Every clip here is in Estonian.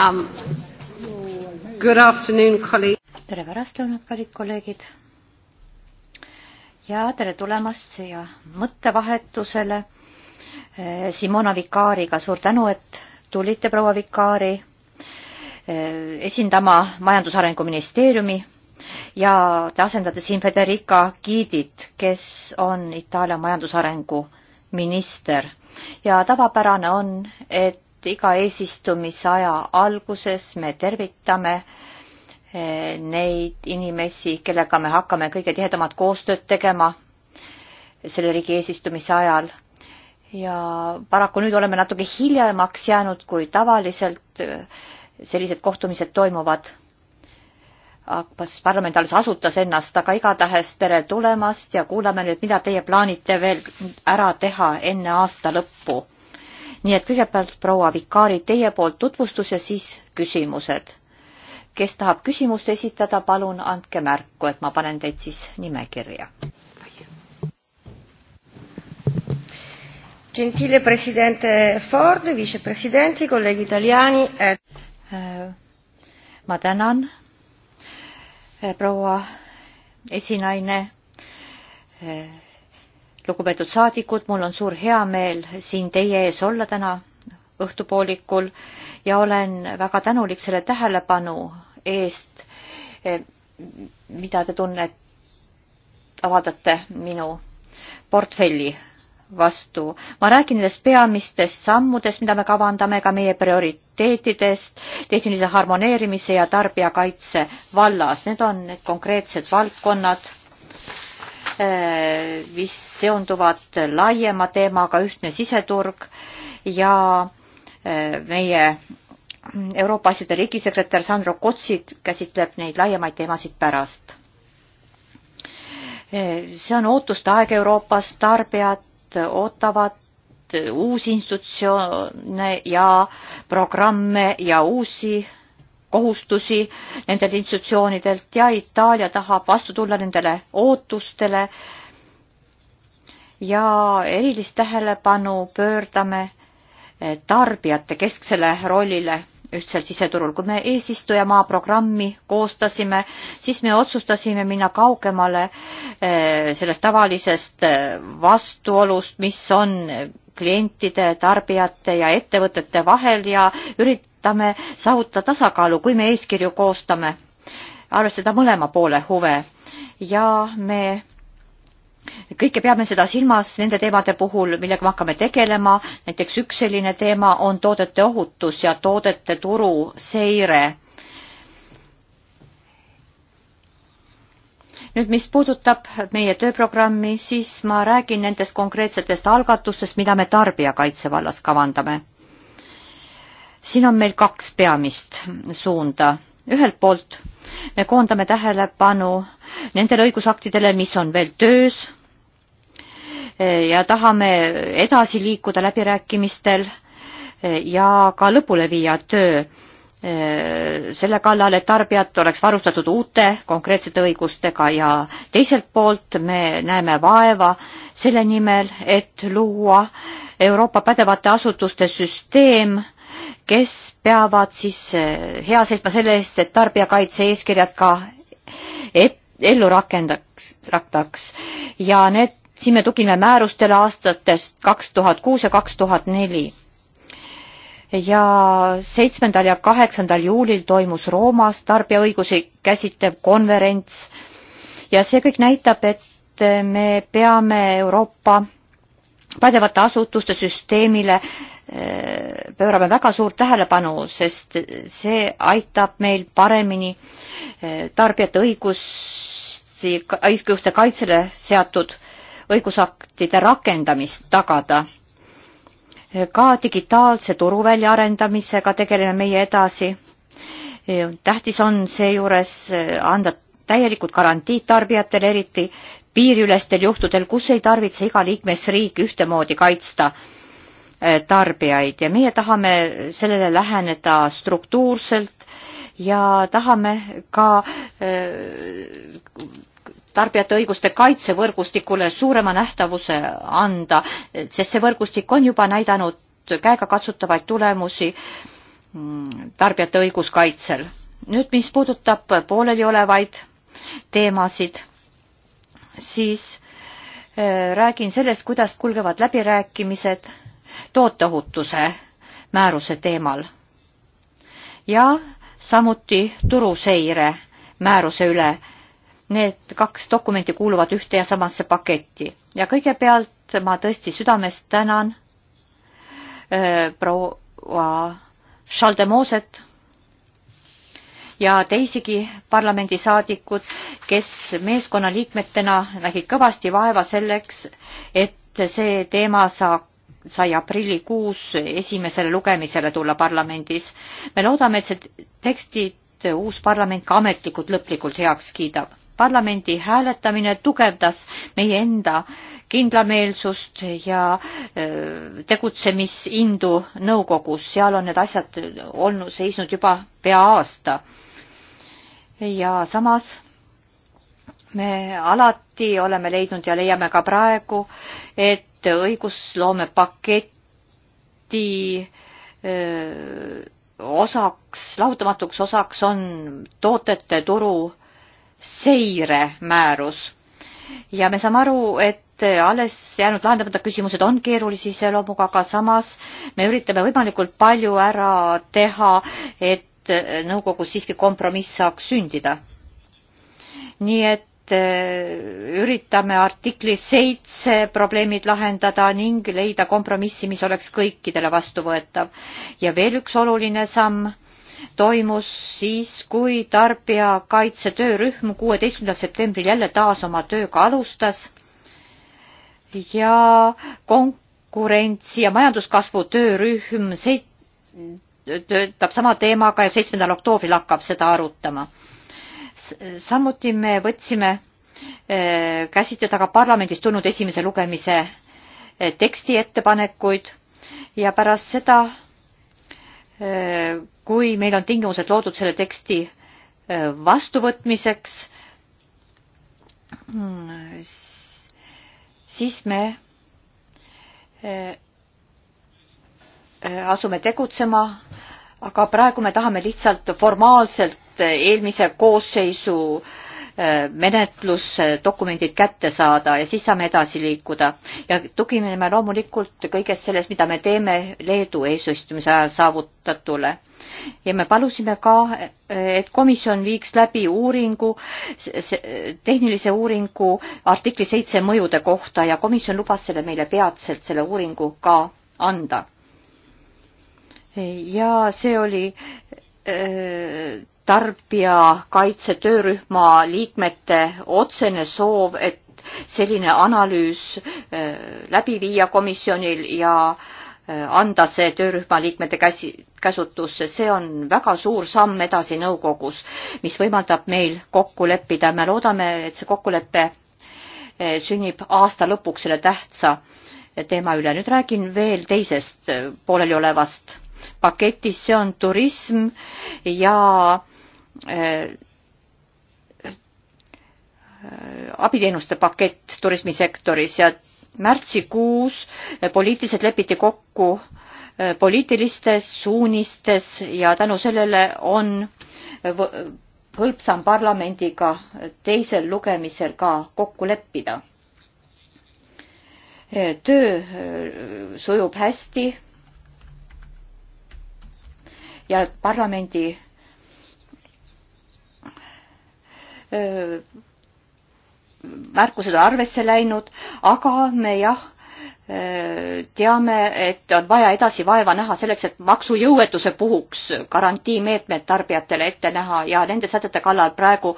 um,. Good afternoon, kolleeg. tere pärastlõunat, kallid kolleegid. ja tere tulemast siia mõttevahetusele eh, Simona Vikaariga. suur tänu, et tulite, proua Vikaari, eh, esindama Majandusarengu ministeeriumi ja te asendate siin Federica Guidit, kes on Itaalia majandusarengu minister ja tavapärane on, et iga eesistumisaja alguses me tervitame eh, neid inimesi, kellega me hakkame kõige tihedamat koostööd tegema selle riigi eesistumise ajal. ja paraku nüüd oleme natuke hiljemaks jäänud, kui tavaliselt eh, sellised kohtumised toimuvad. kas parlament alles asutas ennast, aga igatahes tere tulemast ja kuulame nüüd, mida teie plaanite veel ära teha enne aasta lõppu nii et kõigepealt proua Vikaari, teie poolt tutvustus ja siis küsimused. kes tahab küsimust esitada, palun andke märku, et ma panen teid siis nimekirja. Gentile president Ford, vicepresidenti, kolleeg Italiani et.... Eh. Äh, ma tänan, äh, proua esinaine äh, lugupeetud saadikud, mul on suur heameel siin teie ees olla täna õhtupoolikul ja olen väga tänulik selle tähelepanu eest, eh, mida te tunnet avaldate minu portfelli vastu. ma räägin nendest peamistest sammudest, mida me kavandame, ka meie prioriteetidest tehnilise harmoneerimise ja tarbijakaitse vallas. Need on need konkreetsed valdkonnad, mis seonduvad laiema teemaga ühtne siseturg ja eh, meie Euroopa asjade riigisekretär Sandro Kotsid käsitleb neid laiemaid teemasid pärast. Eh, see on ootuste aeg Euroopas, tarbijad ootavad uusi institutsioone ja programme ja uusi kohustusi nendelt institutsioonidelt ja Itaalia tahab vastu tulla nendele ootustele ja erilist tähelepanu pöördame eh, tarbijate kesksele rollile ühtsel siseturul. kui me eesistujamaa programmi koostasime, siis me otsustasime minna kaugemale eh, sellest tavalisest eh, vastuolust, mis on klientide, tarbijate ja ettevõtete vahel ja üritame saavutada tasakaalu, kui me eeskirju koostame, arvestada mõlema poole huve ja me kõike peame seda silmas nende teemade puhul, millega me hakkame tegelema, näiteks üks selline teema on toodete ohutus ja toodete turuseire nüüd, mis puudutab meie tööprogrammi, siis ma räägin nendest konkreetsetest algatustest, mida me tarbijakaitse vallas kavandame. siin on meil kaks peamist suunda. ühelt poolt me koondame tähelepanu nendele õigusaktidele, mis on veel töös ja tahame edasi liikuda läbirääkimistel ja ka lõpule viia töö selle kallal, et tarbijad oleks varustatud uute konkreetsete õigustega ja teiselt poolt me näeme vaeva selle nimel, et luua Euroopa pädevate asutuste süsteem, kes peavad siis eh, hea seisma selle eest, et tarbijakaitse eeskirjad ka et, ellu rakendaks, raktaks ja need, siin me tugineme määrustele aastatest kaks tuhat kuus ja kaks tuhat neli ja seitsmendal ja kaheksandal juulil toimus Roomas tarbijaõigusi käsitlev konverents ja see kõik näitab, et me peame Euroopa pädevate asutuste süsteemile eh, pöörame väga suurt tähelepanu, sest see aitab meil paremini eh, tarbijate õigusi, õiguste kaitsele seatud õigusaktide rakendamist tagada ka digitaalse turu väljaarendamisega tegeleme meie edasi. tähtis on seejuures eh, anda täielikud garantiid tarbijatele, eriti piiriülestel juhtudel, kus ei tarvitse iga liikmesriik ühtemoodi kaitsta eh, tarbijaid ja meie tahame sellele läheneda struktuurselt ja tahame ka eh, tarbijate õiguste kaitsevõrgustikule suurema nähtavuse anda, sest see võrgustik on juba näidanud käegakatsutavaid tulemusi mm, tarbijate õiguskaitsel. nüüd, mis puudutab pooleliolevaid teemasid, siis äh, räägin sellest, kuidas kulgevad läbirääkimised tooteohutuse määruse teemal ja samuti turuseire määruse üle need kaks dokumenti kuuluvad ühte ja samasse paketti ja kõigepealt ma tõesti südamest tänan äh, proua Šaldemoset ja teisigi parlamendisaadikud, kes meeskonnaliikmetena nägid kõvasti vaeva selleks, et see teema saab sai aprillikuus esimesele lugemisele tulla parlamendis. me loodame, et see tekstid uus parlament ka ametlikult lõplikult heaks kiidab parlamendi hääletamine tugevdas meie enda kindlameelsust ja äh, tegutsemisindu nõukogus, seal on need asjad olnud, seisnud juba pea aasta. ja samas me alati oleme leidnud ja leiame ka praegu, et õigusloome paketi öö, äh, osaks, lahutamatuks osaks on toodete turu seiremäärus ja me saame aru, et alles jäänud lahendamata küsimused on keerulise iseloomuga, aga samas me üritame võimalikult palju ära teha, et nõukogus siiski kompromiss saaks sündida. nii et äh, üritame artikli seitse probleemid lahendada ning leida kompromissi, mis oleks kõikidele vastuvõetav. ja veel üks oluline samm toimus siis, kui tarbijakaitse töörühm kuueteistkümnendal septembril jälle taas oma tööga alustas ja konkurentsi ja majanduskasvu töörühm seit-, töötab sama teemaga ja seitsmendal oktoobril hakkab seda arutama. samuti me võtsime äh, käsitleda ka parlamendist tulnud esimese lugemise äh, teksti ettepanekuid ja pärast seda kui meil on tingimused loodud selle teksti äh, vastuvõtmiseks, siis me äh, asume tegutsema, aga praegu me tahame lihtsalt formaalselt eelmise koosseisu äh, menetlusdokumendid kätte saada ja siis saame edasi liikuda. ja tugineme loomulikult kõigest sellest, mida me teeme Leedu eesistumise ajal saavutatule. ja me palusime ka, et komisjon viiks läbi uuringu, tehnilise uuringu artikli seitse mõjude kohta ja komisjon lubas selle meile peatselt, selle uuringu ka anda. ja see oli äh, tarbijakaitse töörühma liikmete otsene soov, et selline analüüs äh, läbi viia komisjonil ja äh, anda see töörühma liikmete käsi, käsutusse, see on väga suur samm edasi nõukogus, mis võimaldab meil kokku leppida. me loodame, et see kokkulepe äh, sünnib aasta lõpuks selle tähtsa teema üle. nüüd räägin veel teisest pooleliolevast paketist, see on turism ja Äh, äh, abiteenuste pakett turismisektoris ja märtsikuus poliitiliselt lepiti kokku äh, poliitilistes suunistes ja tänu sellele on hõlpsam parlamendiga teisel lugemisel ka kokku leppida. töö sujub hästi ja parlamendi märkused on arvesse läinud, aga me jah, teame, et on vaja edasi vaeva näha selleks, et maksujõuetuse puhuks garantiimeetmed tarbijatele ette näha ja nende sätete kallal praegu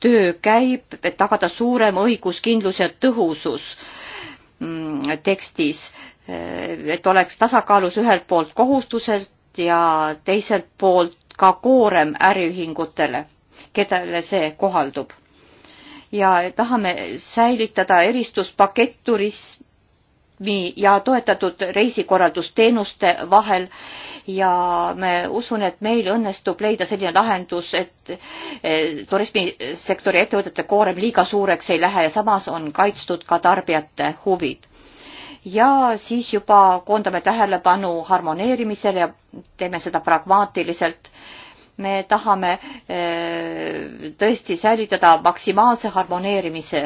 töö käib, et tagada suurem õiguskindlus ja tõhusus mm, tekstis, et oleks tasakaalus ühelt poolt kohustused ja teiselt poolt ka koorem äriühingutele kellele see kohaldub. ja tahame säilitada eristuspakett turismi ja toetatud reisikorraldusteenuste vahel ja me usun, et meil õnnestub leida selline lahendus, et eh, turismisektori ettevõtete koorem liiga suureks ei lähe ja samas on kaitstud ka tarbijate huvid. ja siis juba koondame tähelepanu harmoneerimisele ja teeme seda pragmaatiliselt me tahame eh, tõesti säilitada maksimaalse harmoneerimise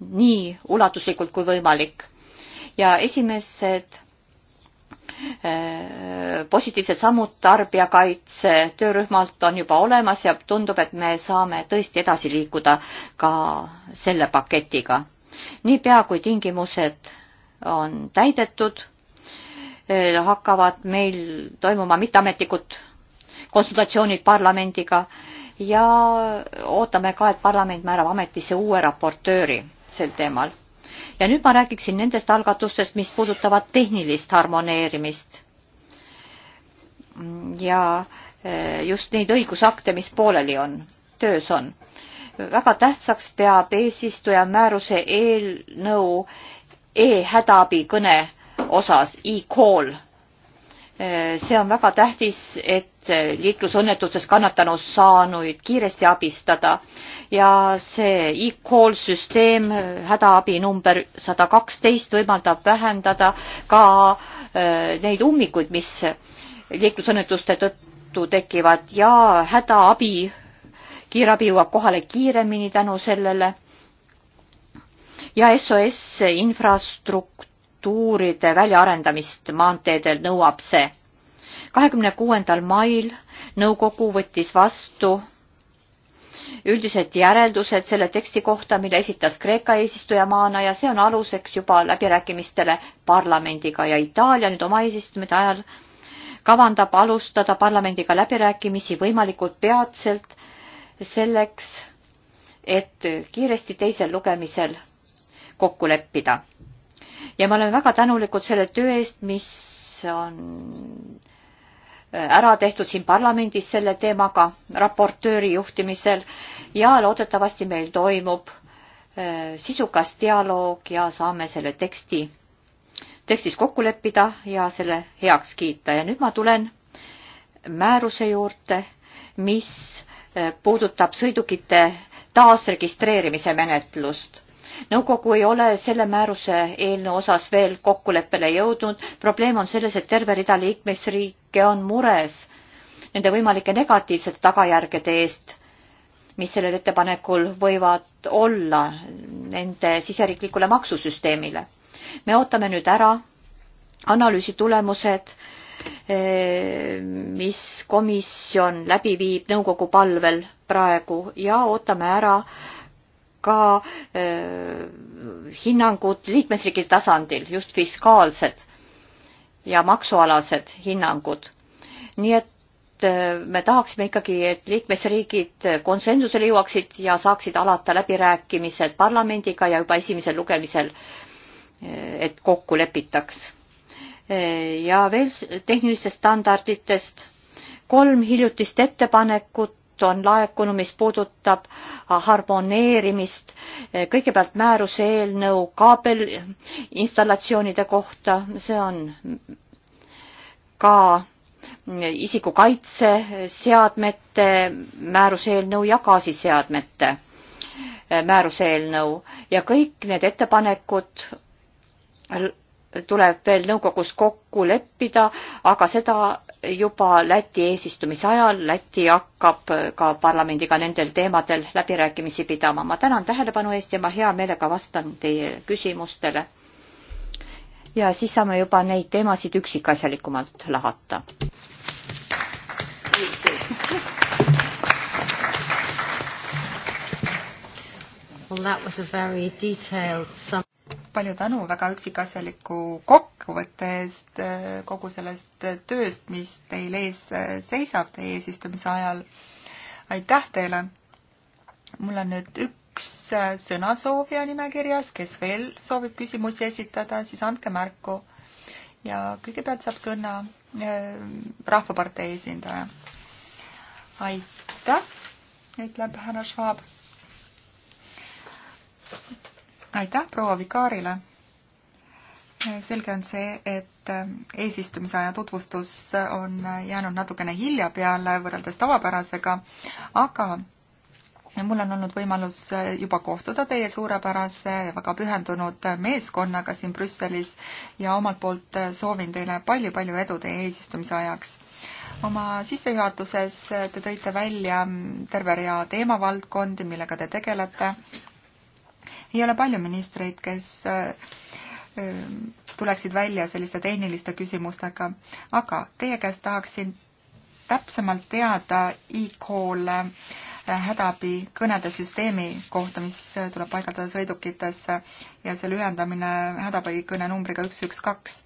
nii ulatuslikult kui võimalik. ja esimesed eh, positiivsed sammud tarbijakaitse töörühmalt on juba olemas ja tundub, et me saame tõesti edasi liikuda ka selle paketiga. niipea kui tingimused on täidetud, eh, hakkavad meil toimuma mitteametlikud konsultatsioonid parlamendiga ja ootame ka, et parlament määrab ametisse uue raportööri sel teemal. ja nüüd ma räägiksin nendest algatustest, mis puudutavad tehnilist harmoneerimist. ja e, just neid õigusakte, mis pooleli on, töös on. väga tähtsaks peab eesistuja määruse eelnõu e-hädaabi kõne osas e-call Äh, see on väga tähtis, et äh, liiklusõnnetustes kannatanu saanuid kiiresti abistada ja see e-call süsteem, äh, hädaabi number sada kaksteist võimaldab vähendada ka neid ummikuid, mis liiklusõnnetuste tõttu tekivad ja hädaabi, kiirabi jõuab kohale kiiremini tänu sellele ja SOS infrastruktuur struktuuride väljaarendamist maanteedel nõuab see. kahekümne kuuendal mail nõukogu võttis vastu üldised järeldused selle teksti kohta, mille esitas Kreeka eesistujamaana ja see on aluseks juba läbirääkimistele parlamendiga ja Itaalia nüüd oma eesistumiste ajal kavandab alustada parlamendiga läbirääkimisi võimalikult peatselt selleks, et kiiresti teisel lugemisel kokku leppida ja me oleme väga tänulikud selle töö eest, mis on äh, ära tehtud siin parlamendis selle teemaga raportööri juhtimisel ja loodetavasti meil toimub äh, sisukas dialoog ja saame selle teksti, tekstis kokku leppida ja selle heaks kiita ja nüüd ma tulen määruse juurde, mis äh, puudutab sõidukite taasregistreerimise menetlust nõukogu ei ole selle määruse eelnõu osas veel kokkuleppele jõudnud. probleem on selles, et terve rida liikmesriike on mures nende võimalike negatiivsete tagajärgede eest, mis sellel ettepanekul võivad olla nende siseriiklikule maksusüsteemile. me ootame nüüd ära analüüsi tulemused, eh, mis komisjon läbi viib nõukogu palvel praegu ja ootame ära äh, ka eh, hinnangud liikmesriigi tasandil, just fiskaalsed ja maksualased hinnangud. nii et eh, me tahaksime ikkagi, et liikmesriigid konsensusele jõuaksid ja saaksid alata läbirääkimised parlamendiga ja juba esimesel lugemisel, äh, et kokku lepitaks. ja veel tehnilistest standarditest kolm hiljutist ettepanekut on laekunud, mis puudutab äh, harmoneerimist. Äh, kõigepealt määruse eelnõu kaabelinstallatsioonide kohta, see on ka mm, isikukaitseseadmete määruse eelnõu ja gaasiseadmete äh, määruse eelnõu ja kõik need ettepanekud tuleb veel nõukogus kokku leppida, aga seda juba Läti eesistumise ajal. Läti hakkab ka parlamendiga nendel teemadel läbirääkimisi pidama. ma tänan tähelepanu eest ja ma hea meelega vastan teie küsimustele. ja siis saame juba neid teemasid üksikasjalikumalt lahata. Well, that was a very detailed sum palju tänu väga üksikasjaliku kokkuvõtte eest äh, kogu sellest tööst, mis teil ees äh, seisab teie eesistumise ajal. aitäh teile! mul on nüüd üks äh, sõnasoovija nimekirjas, kes veel soovib küsimusi esitada, siis andke märku. ja kõigepealt saab sõna Rahvapartei esindaja. aitäh, ütleb härra Schwab aitäh proua vikaarile. selge on see, et äh, eesistumisaja tutvustus on äh, jäänud natukene hilja peale võrreldes tavapärasega, aga mul on olnud võimalus äh, juba kohtuda teie suurepärase ja väga pühendunud meeskonnaga siin Brüsselis ja omalt poolt soovin teile palju-palju edu teie eesistumise ajaks. oma sissejuhatuses te tõite välja mm, terve rea teemavaldkondi, millega te tegelete ei ole palju ministreid, kes äh, äh, tuleksid välja selliste tehniliste küsimustega, aga teie käest tahaksin täpsemalt teada e-call äh, hädaabi kõnede süsteemi kohta, mis tuleb paigaldada sõidukitesse ja selle ühendamine hädaabikõne numbriga üks, üks, kaks.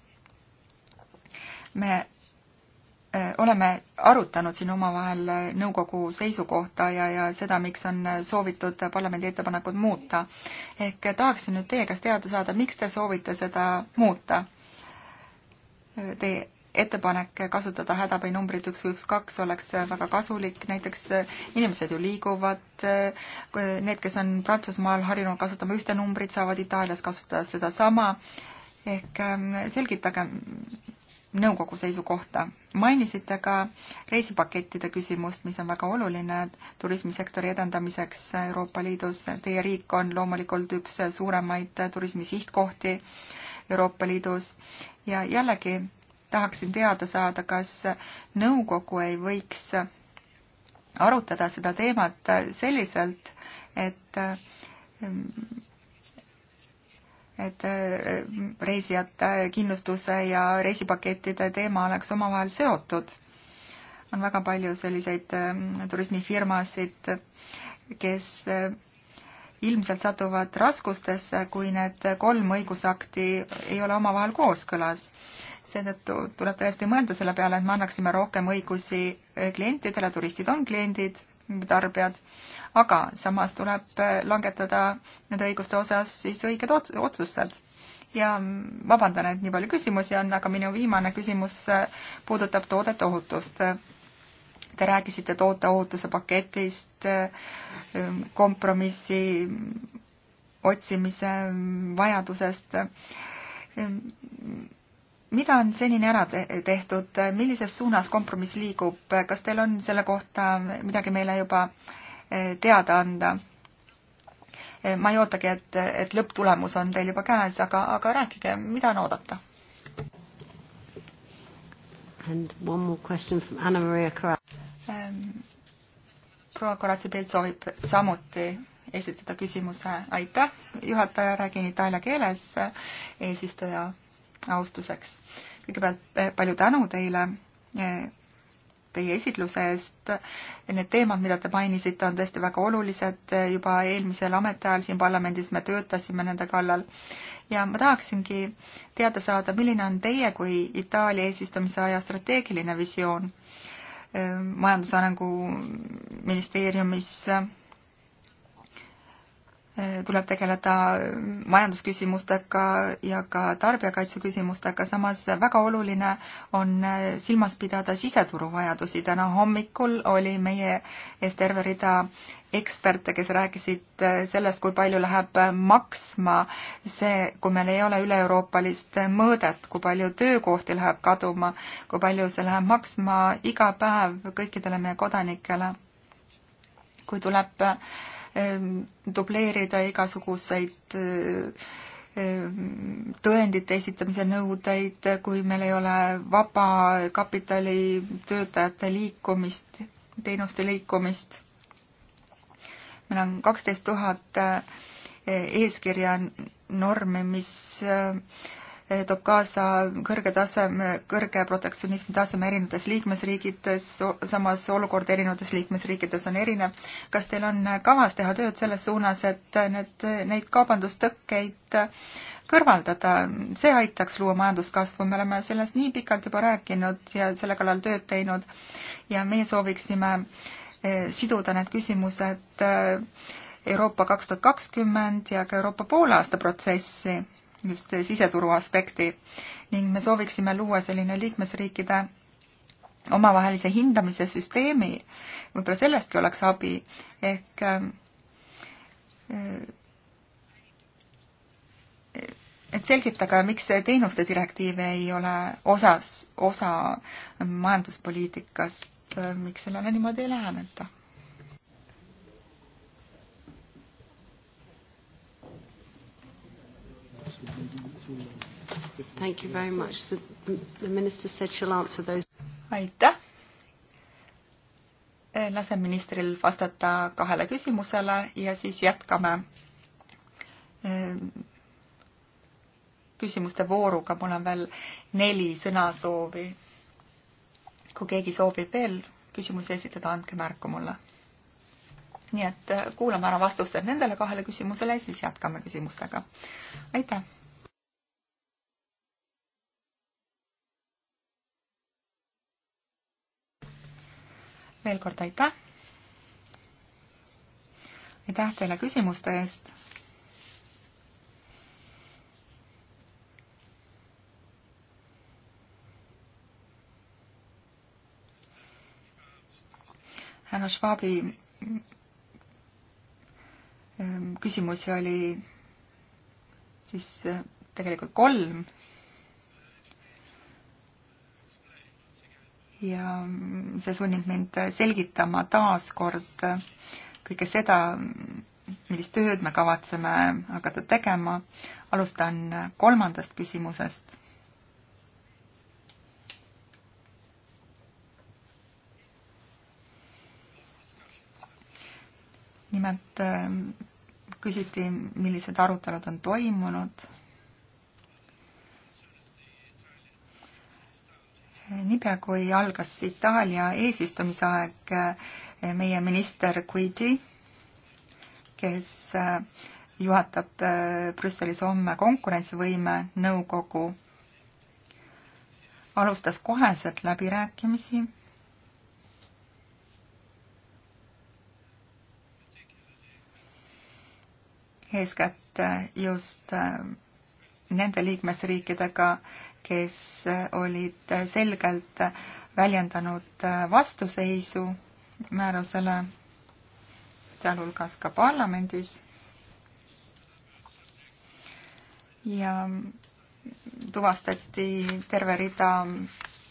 me Äh, oleme arutanud siin omavahel äh, nõukogu seisukohta ja, ja seda, miks on äh, soovitud parlamendi ettepanekut muuta. ehk tahaksin nüüd teie käest teada saada, miks te soovite seda muuta? Teie ettepanek kasutada hädaabinumbrit üks, üks, kaks oleks väga kasulik, näiteks inimesed ju liiguvad, need, kes on Prantsusmaal harjunud kasutama ühte numbrit, saavad Itaalias kasutada sedasama, ehk ähm, selgitage, nõukogu seisukohta. mainisite ka reisipakettide küsimust, mis on väga oluline turismisektori edendamiseks Euroopa Liidus. Teie riik on loomulikult üks suuremaid turismisihtkohti Euroopa Liidus ja jällegi tahaksin teada saada, kas nõukogu ei võiks arutada seda teemat selliselt, et et äh, reisijate kindlustuse ja reisipakettide teema oleks omavahel seotud. on väga palju selliseid äh, turismifirmasid, kes äh, ilmselt satuvad raskustesse, kui need kolm õigusakti ei ole omavahel kooskõlas. seetõttu tuleb tõesti mõelda selle peale, et me annaksime rohkem õigusi klientidele, turistid on kliendid, tarbijad, aga samas tuleb äh, langetada nende õiguste osas siis õiged otsus sealt. ja vabandan, et nii palju küsimusi on, aga minu viimane küsimus äh, puudutab toodete ohutust. Te rääkisite toote ohutuse paketist, äh, ähm, kompromissi otsimise mm, vajadusest ähm, mida on senini ära tehtud, millises suunas kompromiss liigub, kas teil on selle kohta midagi meile juba Eh, teada anda. Eh, ma ei ootagi, et, et lõpptulemus on teil juba käes, aga, aga rääkige, mida on oodata? And one more question from Anna-Maria Corral. Ehm, proua Koratsepilt soovib samuti esitada küsimuse. aitäh, juhataja, räägin itaalia keeles eesistuja austuseks. kõigepealt eh, palju tänu teile teie esitluse eest. Need teemad, mida te mainisite, on tõesti väga olulised. juba eelmisel ametiajal siin parlamendis me töötasime nende kallal ja ma tahaksingi teada saada, milline on teie kui Itaalia eesistumise aja strateegiline visioon ehm, majandusarengu ministeeriumis tuleb tegeleda majandusküsimustega ja ka tarbijakaitse küsimustega, samas väga oluline on silmas pidada siseturu vajadusi. täna hommikul oli meie ees terve rida eksperte, kes rääkisid sellest, kui palju läheb maksma see, kui meil ei ole üle-euroopalist mõõdet, kui palju töökohti läheb kaduma, kui palju see läheb maksma iga päev kõikidele meie kodanikele. kui tuleb äh, Ähm, dubleerida igasuguseid äh, ähm, tõendite esitamise nõudeid, kui meil ei ole vaba kapitali töötajate liikumist, teenuste liikumist. meil on kaksteist tuhat äh, eeskirja normi, mis äh, toob kaasa kõrge taseme, kõrge protektsionismi taseme erinevates liikmesriigides, samas olukord erinevates liikmesriikides on erinev. kas teil on kavas teha tööd selles suunas, et need, neid kaubandustõkkeid kõrvaldada, see aitaks luua majanduskasvu, me oleme sellest nii pikalt juba rääkinud ja selle kallal tööd teinud ja meie sooviksime eh, siduda need küsimused eh, Euroopa kaks tuhat kakskümmend ja ka Euroopa poolaasta protsessi just siseturu aspekti ning me sooviksime luua selline liikmesriikide omavahelise hindamise süsteemi, võib-olla sellestki oleks abi, ehk ähm, äh, et selgitage, miks teenuste direktiiv ei ole osas, osa majanduspoliitikast, äh, miks sellele niimoodi ei läheneta? Thank you very much. The, the minister said she'll answer those. aitäh. Eh, lasen ministril vastata kahele küsimusele ja siis jätkame eh, küsimuste vooruga. mul on veel neli sõnasoovi. kui keegi soovib veel küsimusi esitada, andke märku mulle. nii et eh, kuulame ära vastused nendele kahele küsimusele, siis jätkame küsimustega. aitäh veel kord aitäh. aitäh teile küsimuste eest. härra Schwabi ehm, küsimusi oli siis ehm, tegelikult kolm ja see sunnib mind selgitama taaskord kõike seda, millist tööd me kavatseme hakata tegema. alustan kolmandast küsimusest. nimelt äh, küsiti, millised arutelud on toimunud niipea kui algas Itaalia eesistumise aeg, eh, meie minister Guigi, kes eh, juhatab eh, Brüsselis homme konkurentsivõime nõukogu, alustas koheselt läbirääkimisi eeskätt just nende liikmesriikidega, kes olid selgelt väljendanud vastuseisu määrusele, sealhulgas ka parlamendis. ja tuvastati terve rida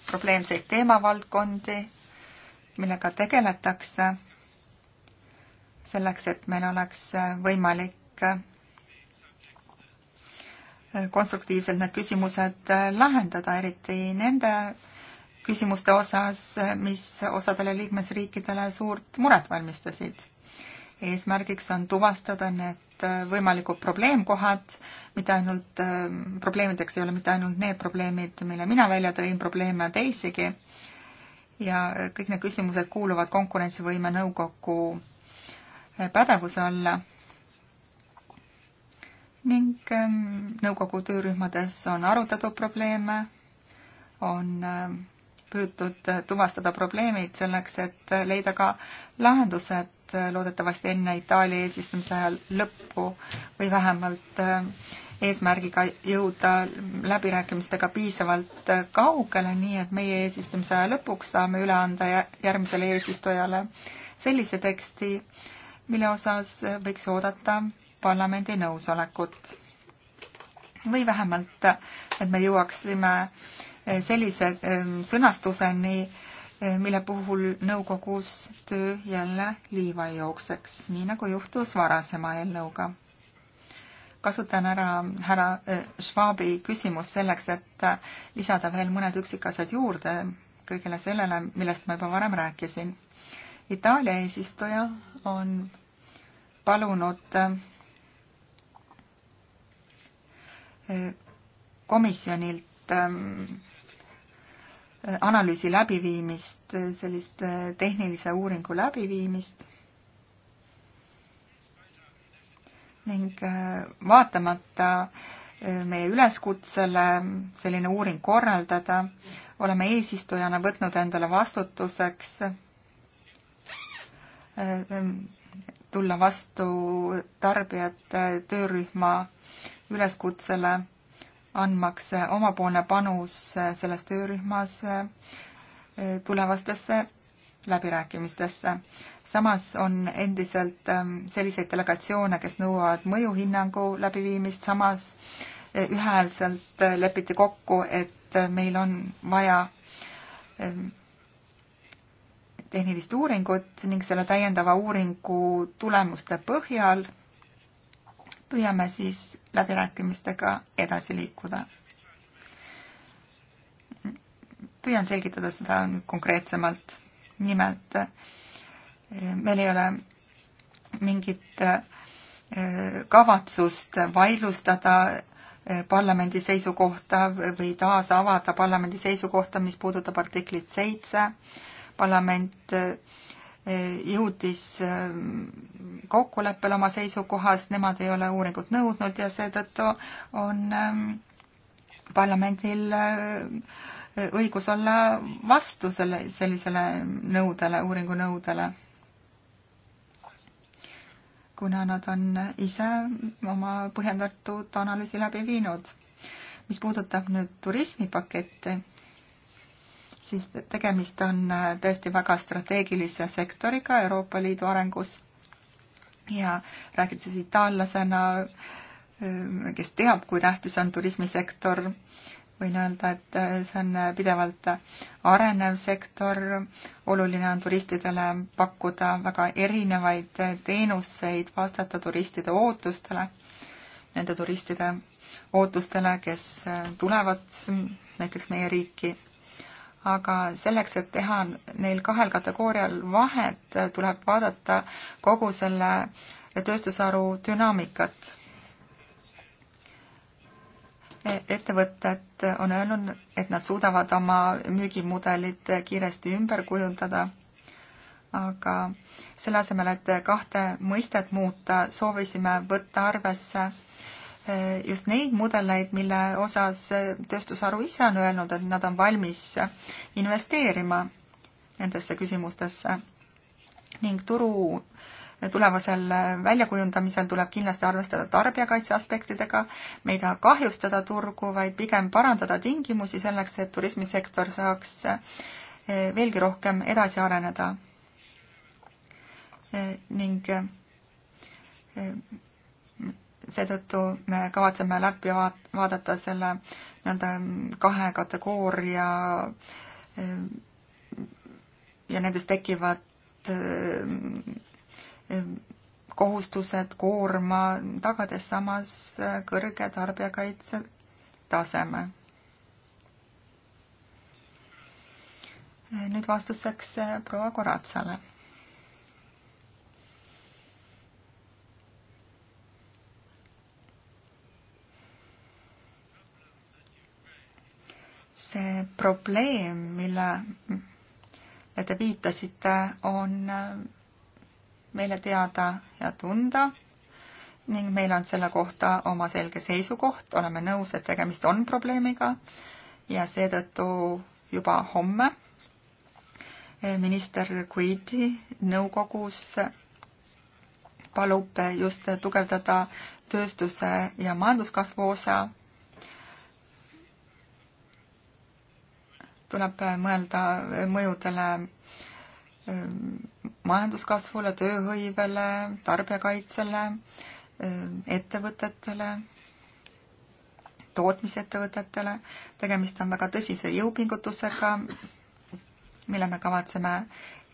probleemseid teemavaldkondi, millega tegeletakse selleks, et meil oleks võimalik konstruktiivselt need küsimused äh, lahendada, eriti nende küsimuste osas, äh, mis osadele liikmesriikidele suurt muret valmistasid. eesmärgiks on tuvastada need äh, võimalikud probleemkohad, mitte ainult, probleemideks ei ole mitte ainult need probleemid, mille mina välja tõin, probleeme on teisigi ja kõik need küsimused kuuluvad Konkurentsivõime Nõukogu pädevuse alla ning ähm, nõukogu töörühmades on arutatud probleeme, on ähm, püütud äh, tuvastada probleemid selleks, et leida ka lahendused äh, loodetavasti enne Itaalia eesistumise ajal lõppu või vähemalt äh, eesmärgiga jõuda läbirääkimistega piisavalt kaugele, nii et meie eesistumise aja lõpuks saame üle anda järgmisele eesistujale sellise teksti, mille osas võiks oodata parlamendi nõusolekut. või vähemalt, et me jõuaksime eh, sellise eh, sõnastuseni, eh, mille puhul nõukogus töö jälle liiva ei jookseks, nii nagu juhtus varasema eelnõuga. kasutan ära härra Schwabi küsimust selleks, et lisada veel mõned üksikasjad juurde kõigele sellele, millest ma juba varem rääkisin. Itaalia eesistuja on palunud komisjonilt ähm, analüüsi läbiviimist, sellist äh, tehnilise uuringu läbiviimist. ning äh, vaatamata äh, meie üleskutsele selline uuring korraldada, oleme eesistujana võtnud endale vastutuseks tulla vastu tarbijate töörühma üleskutsele andmaks omapoolne panus selles töörühmas eh, tulevastesse läbirääkimistesse. samas on endiselt eh, selliseid delegatsioone, kes nõuavad mõjuhinnangu läbiviimist, samas eh, ühehäälselt lepiti kokku, et meil on vaja tehnilist uuringut ning selle täiendava uuringu tulemuste põhjal püüame siis läbirääkimistega edasi liikuda. püüan selgitada seda nüüd konkreetsemalt. nimelt meil ei ole mingit eh, kavatsust vaidlustada eh, parlamendi seisukohta või taas avada parlamendi seisukohta, mis puudutab artiklit seitse. parlament äh, jõudis ähm, kokkuleppele oma seisukohas, nemad ei ole uuringut nõudnud ja seetõttu on ähm, parlamendil äh, õigus olla vastu selle, sellisele nõudele, uuringu nõudele. kuna nad on ise oma põhjendatud analüüsi läbi viinud. mis puudutab nüüd turismipaketti, siis tegemist on äh, tõesti väga strateegilise sektoriga Euroopa Liidu arengus ja räägid siis itaallasena, äh, kes teab, kui tähtis on turismisektor, võin öelda, et äh, see on pidevalt arenev sektor, oluline on turistidele pakkuda väga erinevaid teenuseid, vastata turistide ootustele, nende turistide ootustele, kes tulevad näiteks meie riiki aga selleks, et teha neil kahel kategoorial vahet, tuleb vaadata kogu selle tööstusharu dünaamikat. E-, ettevõtted on öelnud, et nad suudavad oma müügimudelid kiiresti ümber kujundada, aga selle asemel, et kahte mõistet muuta, soovisime võtta arvesse just neid mudeleid, mille osas tööstusharu ise on öelnud, et nad on valmis investeerima nendesse küsimustesse ning turu tulevasel väljakujundamisel tuleb kindlasti arvestada tarbijakaitse aspektidega. me ei taha kahjustada turgu, vaid pigem parandada tingimusi selleks, et turismisektor saaks veelgi rohkem edasi areneda. ning seetõttu me kavatseme läbi vaadata selle nii-öelda kahe kategooria ja nendest tekivad kohustused koorma, tagades samas kõrge tarbijakaitse taseme. nüüd vastuseks proua Koratsale see probleem, millele te viitasite, on meile teada ja tunda ning meil on selle kohta oma selge seisukoht, oleme nõus, et tegemist on probleemiga ja seetõttu juba homme minister Guidi nõukogus palub just tugevdada tööstuse ja majanduskasvu osa tuleb mõelda mõjudele ähm, majanduskasvule, tööhõivele, tarbijakaitsele, ähm, ettevõtetele, tootmisettevõtetele. tegemist on väga tõsise jõupingutusega, mille me kavatseme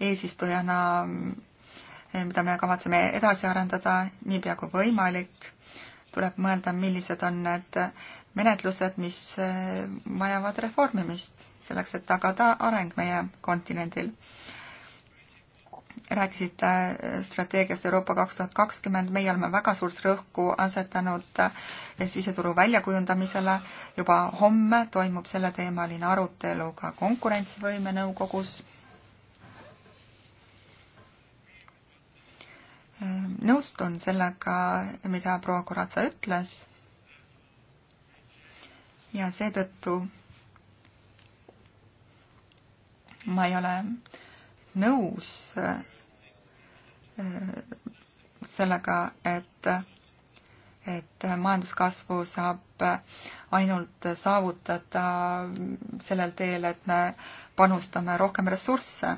eesistujana, mida me kavatseme edasi arendada niipea kui võimalik tuleb mõelda, millised on need menetlused, mis äh, vajavad reformimist selleks, et tagada areng meie kontinendil. rääkisite äh, strateegiast Euroopa kaks tuhat kakskümmend, meie oleme väga suurt rõhku asetanud äh, siseturu väljakujundamisele. juba homme toimub selleteemaline arutelu ka konkurentsivõime nõukogus Ehm, nõustun sellega, mida proua Kuratsa ütles. ja seetõttu ma ei ole nõus ehm, sellega, et, et majanduskasvu saab ainult saavutada sellel teel, et me panustame rohkem ressursse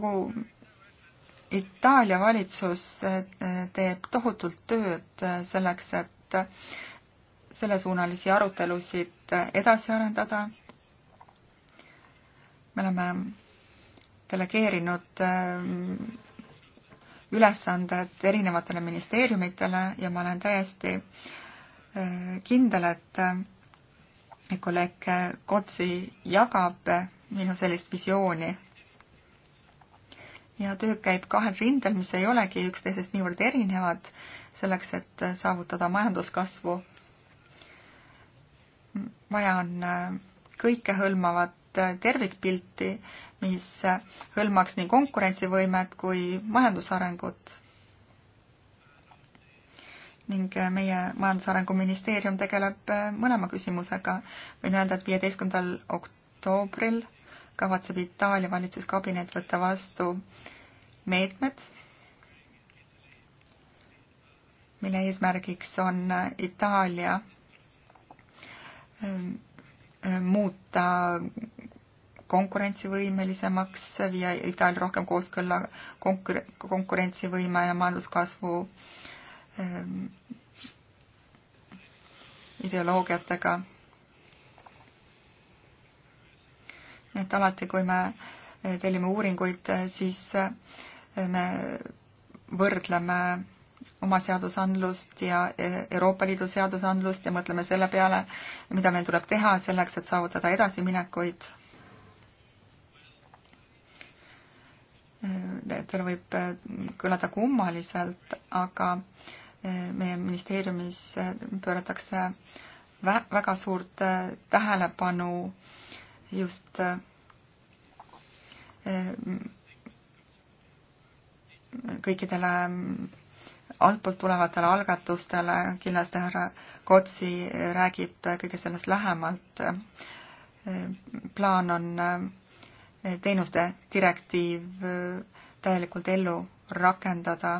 kogu Itaalia valitsus eh, teeb tohutult tööd eh, selleks, et sellesuunalisi arutelusid eh, edasi arendada. me oleme delegeerinud ülesanded erinevatele ministeeriumitele ja ma olen täiesti kindel, et kolleeg Kotsi jagab minu sellist visiooni ja töö käib kahel rindel, mis ei olegi üksteisest niivõrd erinevad, selleks et saavutada majanduskasvu. vaja on äh, kõikehõlmavat äh, tervikpilti, mis äh, hõlmaks nii konkurentsivõimet kui majandusarengut. ning meie Majandusarengu Ministeerium tegeleb mõlema küsimusega. võin öelda, et viieteistkümnendal oktoobril kavatseb Itaalia valitsuskabinet võtta vastu meetmed, mille eesmärgiks on Itaalia ähm, äh, muuta konkurentsivõimelisemaks, viia Itaalia rohkem kooskõlla konkur konkurentsivõime ja majanduskasvu ähm, ideoloogiatega et alati, kui me eh, tellime uuringuid, eh, siis eh, me võrdleme oma seadusandlust ja Euroopa Liidu seadusandlust ja mõtleme selle peale, mida meil tuleb teha selleks, et saavutada edasiminekuid. Teil võib kõlada kummaliselt, aga meie ministeeriumis pööratakse väga suurt tähelepanu äh, just äh, äh, kõikidele ähm, altpoolt tulevatele algatustele, kindlasti härra Kotsi räägib kõige sellest lähemalt. Äh, plaan on teenuste direktiiv täielikult ellu rakendada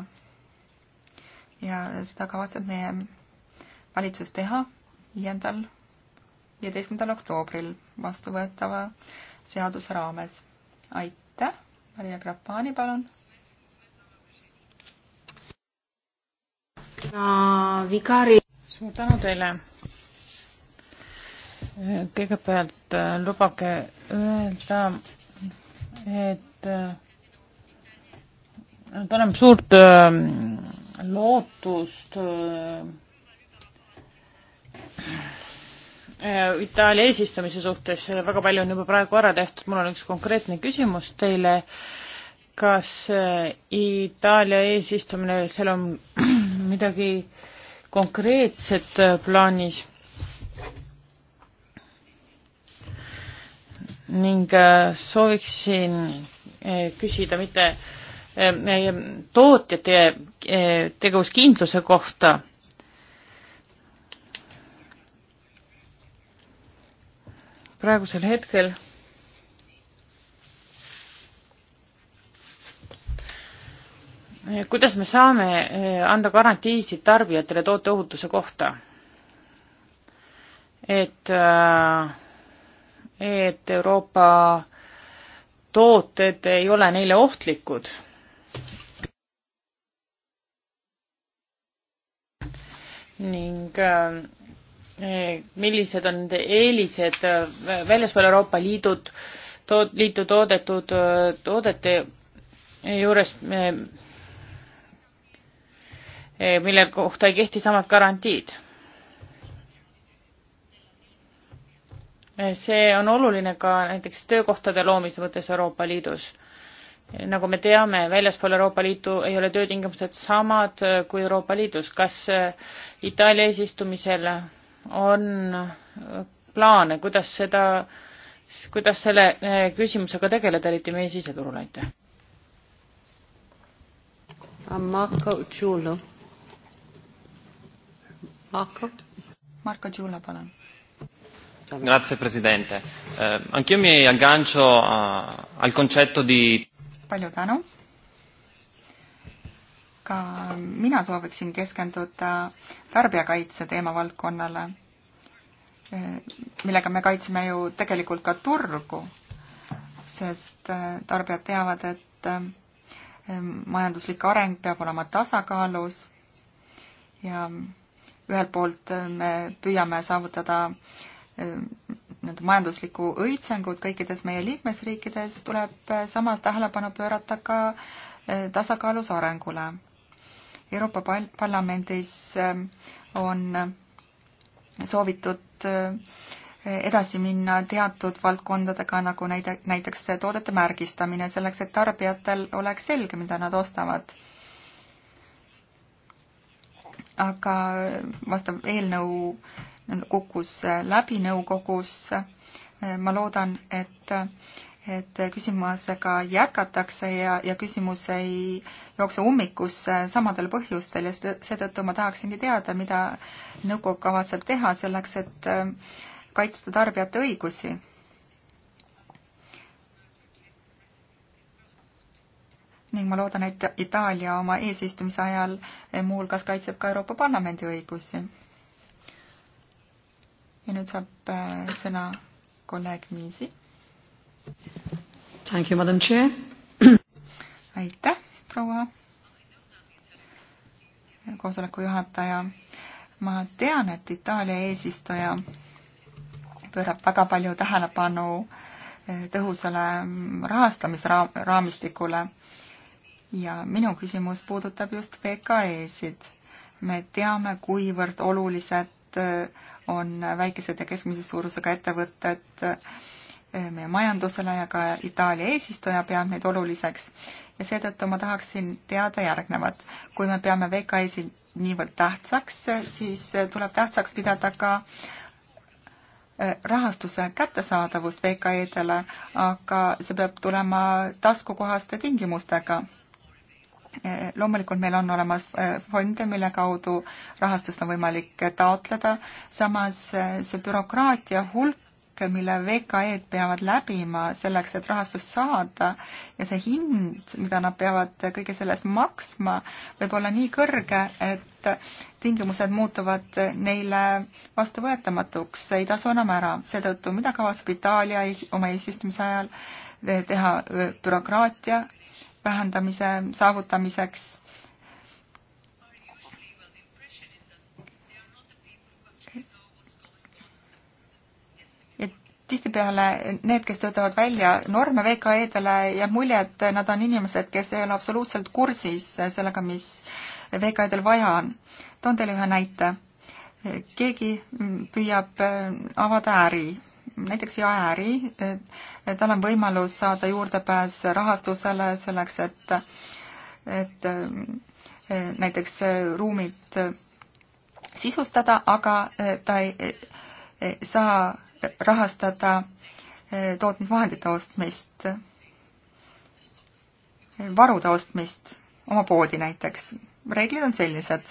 ja seda kavatseb meie valitsus teha viiendal, viieteistkümnendal oktoobril vastuvõetava seaduse raames. aitäh, Maria Grappani, palun. vikari. suur tänu teile. kõigepealt äh, lubage öelda, et paneb äh, suurt äh, lootust Äh, Itaalia eesistumise suhtes, äh, väga palju on juba praegu ära tehtud, mul on üks konkreetne küsimus teile. kas äh, Itaalia eesistumine, seal on midagi konkreetset plaanis? ning sooviksin küsida mitte tootjate tegevuskindluse kohta praegusel hetkel eh, kuidas me saame eh, anda garantiisid tarbijatele tooteohutuse kohta? et, eh, et Euroopa tooted ei ole neile ohtlikud. ning Eh, millised on eelised eh, väljaspool Euroopa Liidud, tood-, liitu toodetud eh, toodete juures, mille kohta ei kehti samad garantiid. see on oluline ka näiteks töökohtade loomise mõttes Euroopa Liidus nagu me teame, väljaspool Euroopa Liitu ei ole töötingimused samad kui Euroopa Liidus. kas Itaalia eesistumisel on plaane, kuidas seda, kuidas selle eh, küsimusega tegeleda, eriti meie siseturul, aitäh? Ah, Marko Tšulo. Marko? Marko Tšulo, palun. Grazie Presidente. Eh, Anch'io mi aggancio a, ah, al concetto di... Palju tänu ka mina sooviksin keskenduda tarbijakaitse teemavaldkonnale, millega me kaitseme ju tegelikult ka turgu, sest äh, tarbijad teavad, et äh, majanduslik areng peab olema tasakaalus ja ühelt poolt äh, me püüame saavutada nii-öelda majanduslikku õitsengut kõikides meie liikmesriikides, tuleb samas tähelepanu pöörata ka tasakaalus arengule Euroopa Parlamendis ähm, on soovitud äh, edasi minna teatud valdkondadega, nagu näide, näiteks toodete märgistamine, selleks et tarbijatel oleks selge, mida nad ostavad. aga vastav eelnõu kukkus läbi nõukogus. Äh, ma loodan, et äh, et küsimusega jätkatakse ja, ja küsimus ei jookse ummikusse äh, samadel põhjustel ja seetõttu ma tahaksingi teada, mida nõukogu kavatseb teha selleks, et äh, kaitsta tarbijate õigusi. ning ma loodan, et Itaalia oma eesistumise ajal äh, muuhulgas kaitseb ka Euroopa Parlamendi õigusi. ja nüüd saab sõna kolleeg Miisi Thank you, madam chair. aitäh, proua koosoleku juhataja. ma tean, et Itaalia eesistuja pöörab väga palju tähelepanu eh, tõhusale rahastamisraamistikule ja minu küsimus puudutab just VKE-sid. me teame, kuivõrd olulised eh, on väikesed ja keskmise suurusega ettevõtted et meie majandusele ja ka Itaalia eesistuja peab neid oluliseks ja seetõttu ma tahaksin teada järgnevat. kui me peame VKS-i niivõrd tähtsaks, siis tuleb tähtsaks pidada ka eh, rahastuse kättesaadavust VKE-dele, aga see peab tulema taskukohaste tingimustega. Eh, loomulikult meil on olemas eh, fonde, mille kaudu rahastust on võimalik taotleda, samas see bürokraatia hulk valik, mille VKE-d peavad läbima selleks, et rahastust saada ja see hind, mida nad peavad kõige selle eest maksma, võib olla nii kõrge, et tingimused muutuvad neile vastuvõetamatuks, ei tasu enam ära. seetõttu, mida kavatseb Itaalia oma eesistumise ajal teha bürokraatia vähendamise saavutamiseks tihtipeale need, kes töötavad välja norme VKE-dele, jääb mulje, et nad on inimesed, kes ei ole absoluutselt kursis sellega, mis VKE-del vaja on. toon teile ühe näite. keegi püüab avada äri, näiteks jaeäri, tal on võimalus saada juurdepääs rahastusele selleks, et, et näiteks ruumid sisustada, aga ta ei saa rahastada eh, tootmisvahendite ostmist, eh, varude ostmist, oma poodi näiteks. reeglid on sellised,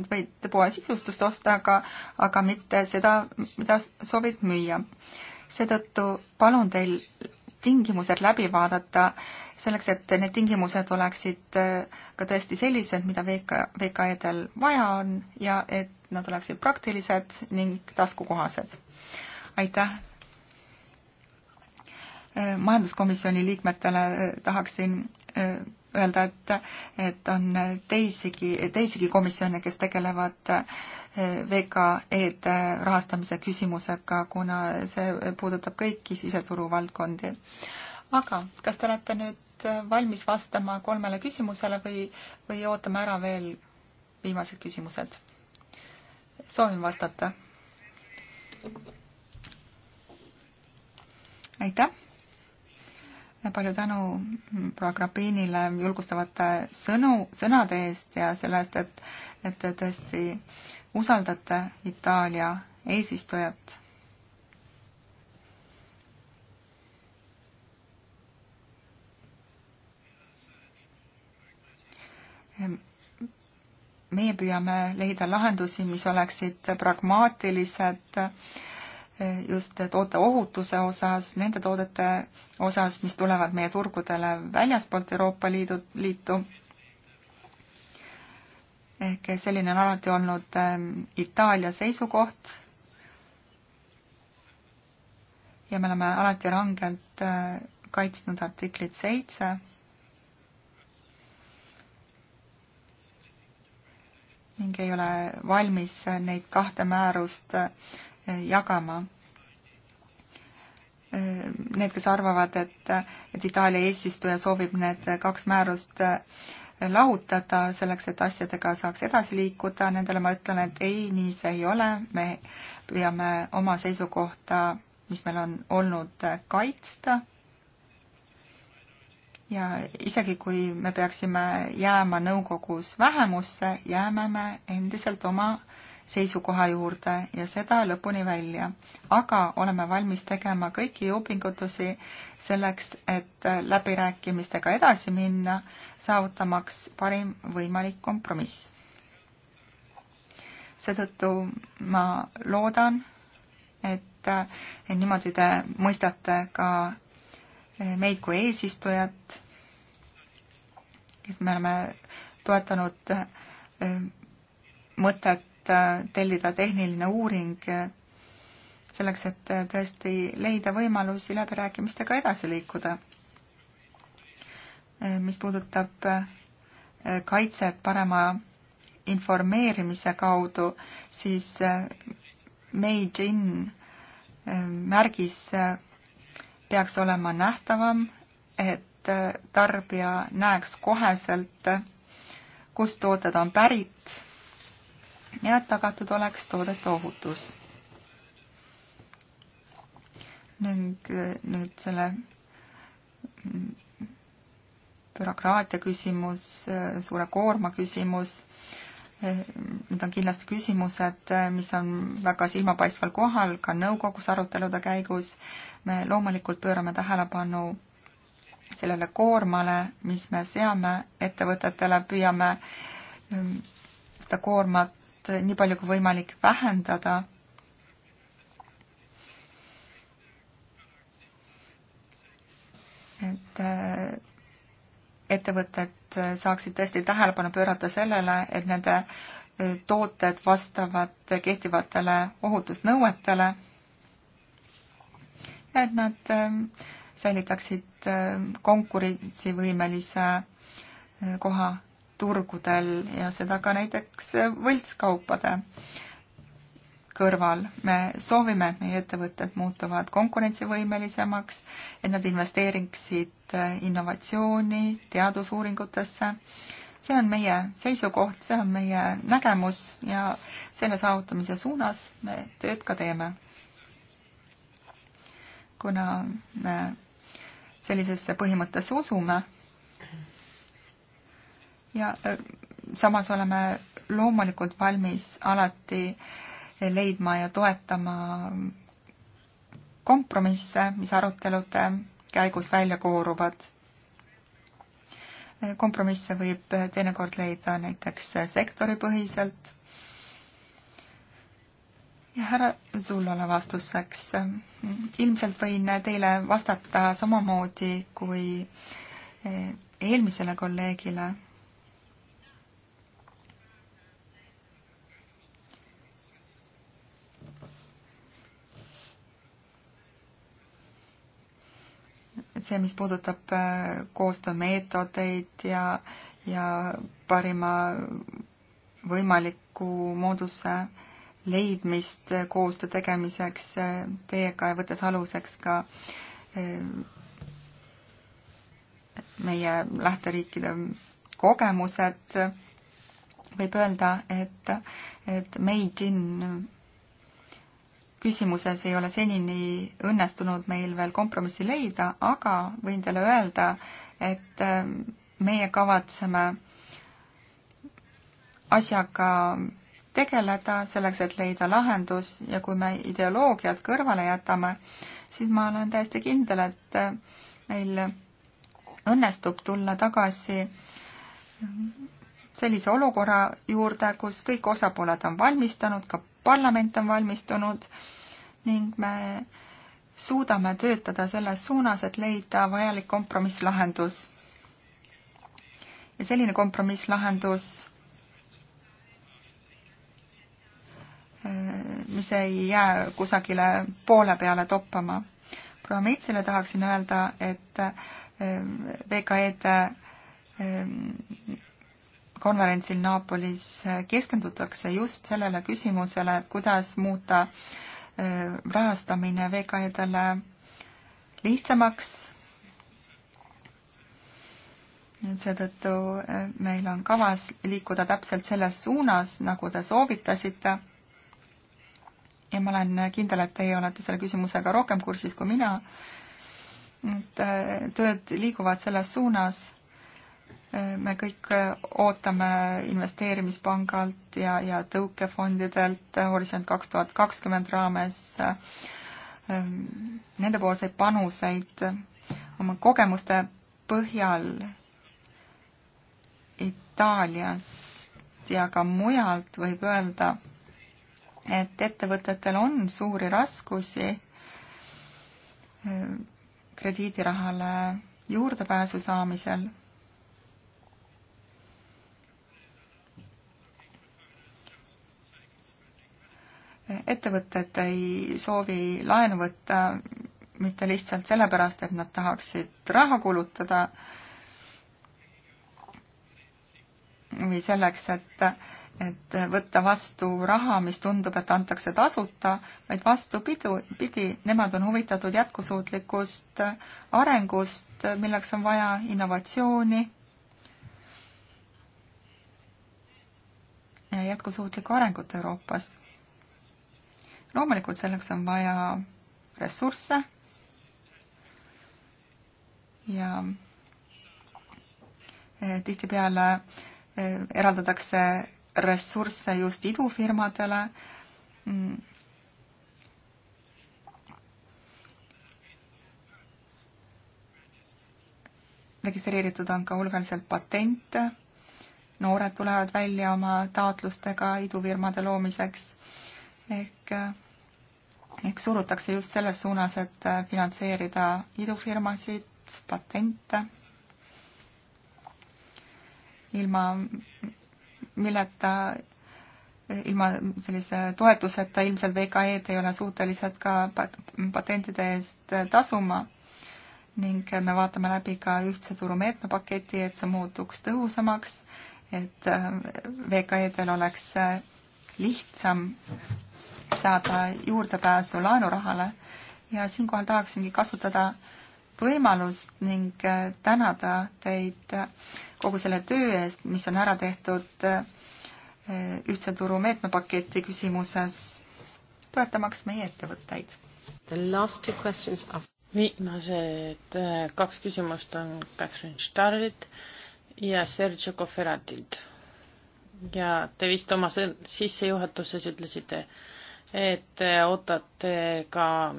et võite poe sisustust osta, aga, aga mitte seda, mida soovid müüa. seetõttu palun teil tingimused läbi vaadata, selleks et need tingimused oleksid äh, ka tõesti sellised, mida VK, VKE-del vaja on ja et nad oleksid praktilised ning taskukohased. aitäh! Äh, majanduskomisjoni liikmetele äh, tahaksin Äh, öelda, et, et on teisigi, teisigi komisjone, kes tegelevad äh, VKE-de äh, rahastamise küsimusega, kuna see puudutab kõiki siseturu valdkondi. aga kas te olete nüüd valmis vastama kolmele küsimusele või, või ootame ära veel viimased küsimused? soovin vastata. aitäh palju tänu mm, proua Grabinile julgustavate sõnu, sõnade eest ja selle eest, et, et te tõesti usaldate Itaalia eesistujat. meie püüame leida lahendusi, mis oleksid pragmaatilised just toote ohutuse osas, nende toodete osas, mis tulevad meie turgudele väljaspoolt Euroopa Liidu, Liitu. ehk selline on alati olnud ähm, Itaalia seisukoht. ja me oleme alati rangelt äh, kaitsnud artiklit seitse. ning ei ole valmis neid kahte määrust äh, Eh, jagama. Eh, need, kes arvavad, et, et Itaalia eesistuja soovib need kaks määrust eh, lahutada selleks, et asjadega saaks edasi liikuda, nendele ma ütlen, et ei, nii see ei ole, me püüame oma seisukohta, mis meil on olnud, kaitsta ja isegi kui me peaksime jääma nõukogus vähemusse, jääme me endiselt oma seisukoha juurde ja seda lõpuni välja. aga oleme valmis tegema kõiki jõupingutusi selleks, et läbirääkimistega edasi minna, saavutamaks parim võimalik kompromiss. seetõttu ma loodan, et niimoodi te mõistate ka meid kui eesistujat, kes me oleme toetanud mõtet et äh, tellida tehniline uuring äh, selleks, et äh, tõesti leida võimalusi läbirääkimistega edasi liikuda. mis puudutab kaitset parema informeerimise kaudu, siis Made in märgis peaks olema nähtavam, et tarbija näeks koheselt, kust tooted on pärit ja et tagatud oleks toodete ohutus. ning äh, nüüd selle mm, bürokraatia küsimus, äh, suure koorma küsimus, eh, need on kindlasti küsimused, äh, mis on väga silmapaistval kohal ka nõukogus arutelude käigus. me loomulikult pöörame tähelepanu sellele koormale, mis me seame ettevõtetele, püüame mm, seda koormat kulusid nii palju kui võimalik vähendada. et äh, ettevõtted saaksid tõesti tähelepanu pöörata sellele, et nende äh, tooted vastavad kehtivatele ohutusnõuetele ja et nad äh, säilitaksid konkurentsivõimelise koha turgudel ja seda ka näiteks võltskaupade kõrval. me soovime, et meie ettevõtted muutuvad konkurentsivõimelisemaks, et nad investeeriksid innovatsiooni, teadusuuringutesse. see on meie seisukoht, see on meie nägemus ja selle saavutamise suunas me tööd ka teeme. kuna me sellisesse põhimõttesse usume, ja äh, samas oleme loomulikult valmis alati leidma ja toetama kompromisse, mis arutelude käigus välja kooruvad. Äh, kompromisse võib teinekord leida näiteks sektoripõhiselt. ja härra Zullole vastuseks. ilmselt võin teile vastata samamoodi kui äh, eelmisele kolleegile see, mis puudutab äh, koostöömeetodeid ja, ja parima võimaliku mooduse leidmist äh, koostöö tegemiseks äh, teiega ja võttes aluseks ka meie lähteriikide kogemused, võib öelda, et, et Made in küsimuses ei ole senini õnnestunud meil veel kompromissi leida, aga võin teile öelda, et ähm, meie kavatseme asjaga tegeleda selleks, et leida lahendus ja kui me ideoloogiad kõrvale jätame, siis ma olen täiesti kindel, et äh, meil õnnestub tulla tagasi ähm, sellise olukorra juurde, kus kõik osapooled on valmistanud, ka parlament on valmistunud ning me suudame töötada selles suunas, et leida vajalik kompromisslahendus. ja selline kompromisslahendus, mis ei jää kusagile poole peale toppama. proua Meitsile tahaksin öelda, et eh, VKE-de eh, konverentsil Naapolis äh, keskendutakse just sellele küsimusele, et kuidas muuta äh, rahastamine VKE-dele lihtsamaks. seetõttu äh, meil on kavas liikuda täpselt selles suunas, nagu te soovitasite. ja ma olen kindel, et teie olete selle küsimusega rohkem kursis kui mina. et tööd liiguvad selles suunas me kõik äh, ootame investeerimispangalt ja, ja tõukefondidelt äh, Horisont kaks tuhat kakskümmend raames äh, ähm, nendepoolseid panuseid oma kogemuste põhjal Itaaliast ja ka mujalt võib öelda, et ettevõtetel on suuri raskusi krediidirahale juurdepääsu saamisel ettevõtted ei soovi laenu võtta mitte lihtsalt sellepärast, et nad tahaksid raha kulutada või selleks, et, et võtta vastu raha, mis tundub, et antakse tasuta, vaid vastupidi, nemad on huvitatud jätkusuutlikust arengust, milleks on vaja innovatsiooni ja jätkusuutlikku arengut Euroopas loomulikult selleks on vaja ressursse ja eh, tihtipeale eh, eraldatakse ressursse just idufirmadele. Mm. registreeritud on ka hulgaliselt patente, noored tulevad välja oma taotlustega idufirmade loomiseks ehk eh, ehk surutakse just selles suunas, et äh, finantseerida idufirmasid, patente, ilma milleta, ilma sellise toetuseta ilmselt VKE-d ei ole suutelised ka patentide eest äh, tasuma ning me vaatame läbi ka ühtse turumeetmepaketi, et see muutuks tõhusamaks, et äh, VKE-del oleks lihtsam saada juurdepääsu laenurahale ja siinkohal tahaksingi kasutada võimalust ning äh, tänada teid äh, kogu selle töö eest, mis on ära tehtud äh, ühtse turu meetmepaketi küsimuses, toetamaks meie ettevõtteid. viimased kaks küsimust on Katrin Starlilt ja Sergio Cofferatilt. ja te vist oma sissejuhatuses ütlesite, et äh, ootate ka,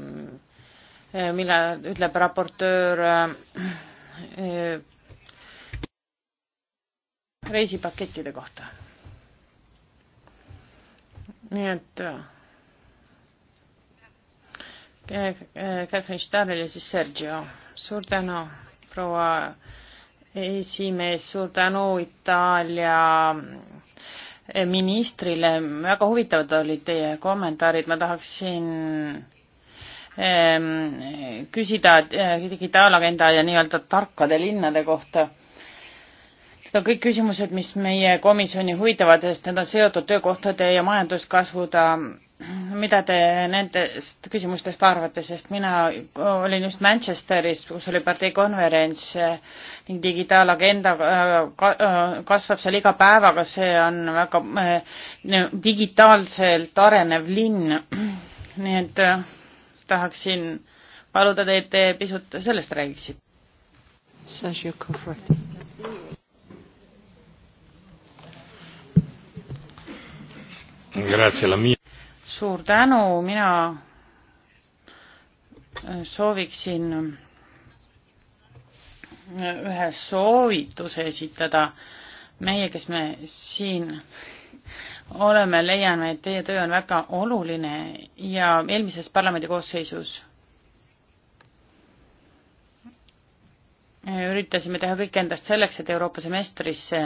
äh, mille ütleb raportöör äh, reisipakettide kohta. nii et Catherine Starrel ja siis Sergio. suur tänu, proua esimees, suur tänu Itaalia ministrile, väga huvitavad olid teie kommentaarid, ma tahaksin ehm, küsida eh, digitaalagenda ja nii-öelda tarkade linnade kohta. Need on kõik küsimused, mis meie komisjoni huvitavad, sest need on seotud töökohtade ja majanduskasvuda mida te nendest küsimustest arvate, sest mina olin just Manchesteris, kus oli partei konverents eh, ning digitaalagenda eh, eh, kasvab seal iga päevaga, see on väga digitaalselt arenev linn. nii et tahaksin paluda teid, te pisut sellest räägiksite. Sergio Cofrati. Grazie, la mia suur tänu, mina äh, sooviksin äh, ühe soovituse esitada. meie, kes me siin oleme, leiame, et teie töö on väga oluline ja eelmises parlamendi koosseisus üritasime teha kõik endast selleks, et Euroopa semestrisse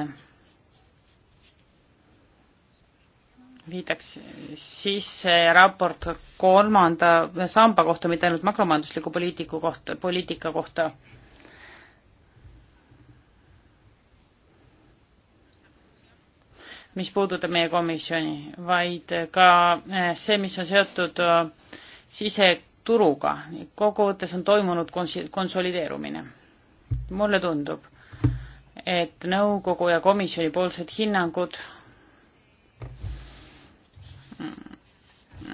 viidaks sisse raport kolmanda samba kohta, mitte ainult makromajandusliku poliitiku kohta, poliitika kohta. mis puudutab meie komisjoni, vaid ka eh, see, mis on seotud eh, siseturuga. kokkuvõttes on toimunud konsolideerumine. mulle tundub, et nõukogu ja komisjoni poolsed hinnangud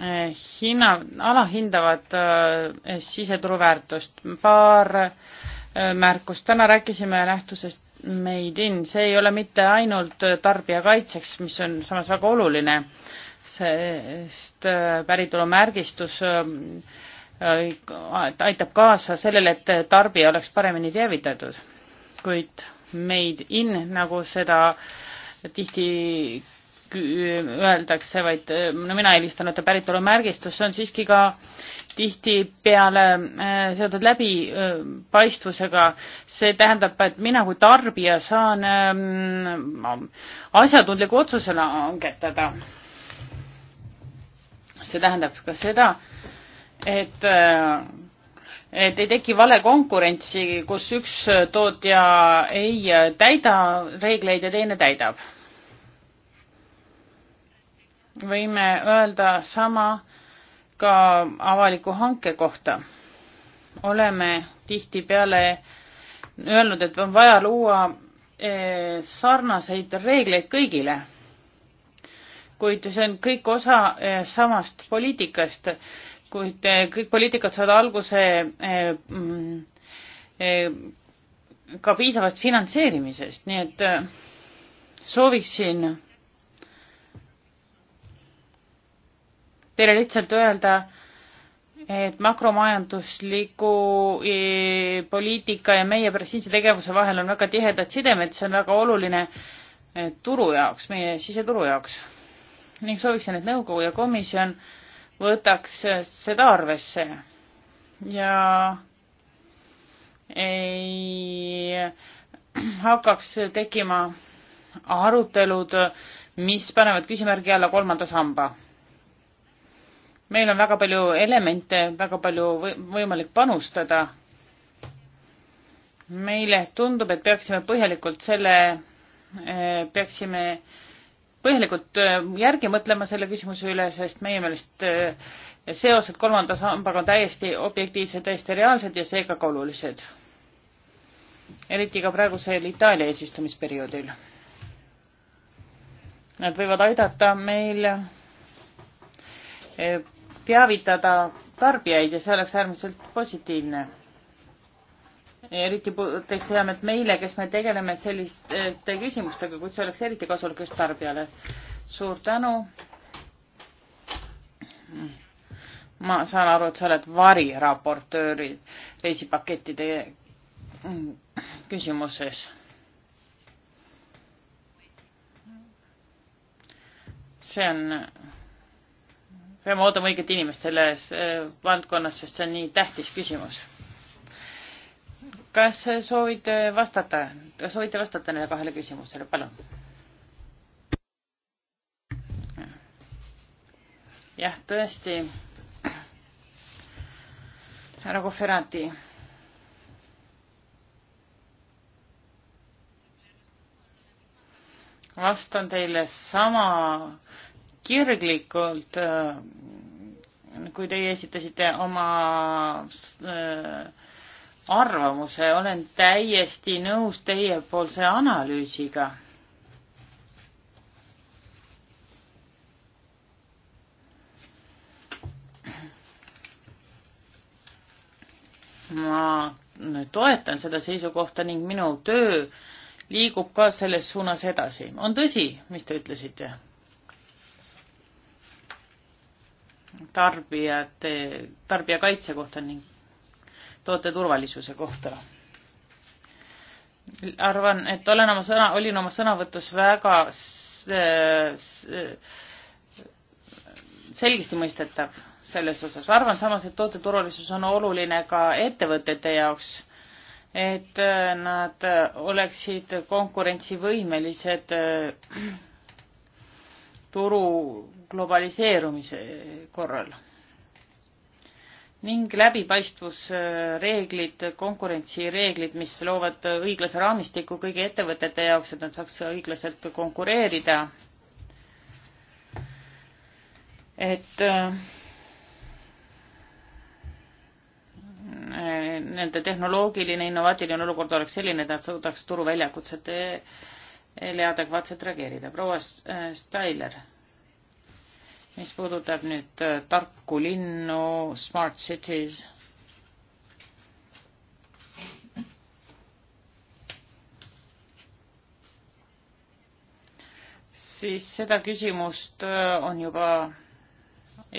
Eh, hinna, alahindavad eh, siseturu väärtust. paar eh, märkust, täna rääkisime nähtusest Made in, see ei ole mitte ainult tarbija kaitseks, mis on samas väga oluline, sest päritolumärgistus aitab kaasa sellele, et tarbija oleks paremini teavitatud. kuid Made in, nagu seda tihti öeldakse, vaid äh, no mina eelistan öelda päritolumärgistus, see on siiski ka tihtipeale äh, seotud läbipaistvusega. Äh, see tähendab, et mina kui tarbija saan ähm, asjatundliku otsuse langetada. see tähendab ka seda, et et ei teki vale konkurentsi, kus üks tootja ei täida reegleid ja teine täidab võime öelda sama ka avaliku hanke kohta. oleme tihtipeale öelnud, et on vaja luua eh, sarnaseid reegleid kõigile, kuid see on kõik osa eh, samast poliitikast, kuid eh, kõik poliitikad saavad alguse mm, ka piisavast finantseerimisest, nii et sooviksin teile lihtsalt öelda, et makromajandusliku e, poliitika ja meie siinse tegevuse vahel on väga tihedad sidemed, see on väga oluline e, turu jaoks, meie siseturu jaoks. ning sooviksin, et nõukogu ja komisjon võtaks seda arvesse ja ei hakkaks tekkima arutelud, mis panevad küsimärgi alla kolmanda samba meil on väga palju elemente, väga palju võimalik panustada. meile tundub, et peaksime põhjalikult selle, eh, peaksime põhjalikult eh, järgi mõtlema selle küsimuse üle, sest meie meelest eh, seosed kolmanda sambaga on täiesti objektiivsed, täiesti reaalsed ja seega ka olulised. eriti ka praegusel Itaalia eesistumisperioodil. Nad võivad aidata meil teavitada tarbijaid ja see oleks äärmiselt positiivne. eriti teeks heameelt meile, kes me tegeleme selliste küsimustega, kuid see oleks eriti kasulik just tarbijale. suur tänu. ma saan aru, et sa oled variraportööri reisipakettide küsimuses see on peame ootama õiget inimest selles äh, valdkonnas, sest see on nii tähtis küsimus. kas soovite vastata, kas soovite vastata neile kahele küsimusele, palun? jah, tõesti. härra Kohverati. vastan teile sama kirglikult, äh, kui teie esitasite oma äh, arvamuse, olen täiesti nõus teiepoolse analüüsiga. ma toetan seda seisukohta ning minu töö liigub ka selles suunas edasi. on tõsi, mis te ütlesite? tarbijate, tarbijakaitse kohta ning toote turvalisuse kohta. arvan, et olen oma sõna, olin oma sõnavõtus väga selgesti mõistetav selles osas. arvan samas, et toote turvalisus on oluline ka ettevõtete jaoks, et äh, nad oleksid konkurentsivõimelised äh, turu globaliseerumise korral ning läbipaistvusreeglid, konkurentsireeglid, mis loovad õiglase raamistiku kõigi ettevõtete jaoks, et nad saaks õiglaselt konkureerida. et äh, nende tehnoloogiline innovaatiline olukord oleks selline, et nad suudaks turuväljakutsetele äh, adekvaatselt reageerida. proua Stailer äh, mis puudutab nüüd äh, tarku linnu, smart cities. siis seda küsimust äh, on juba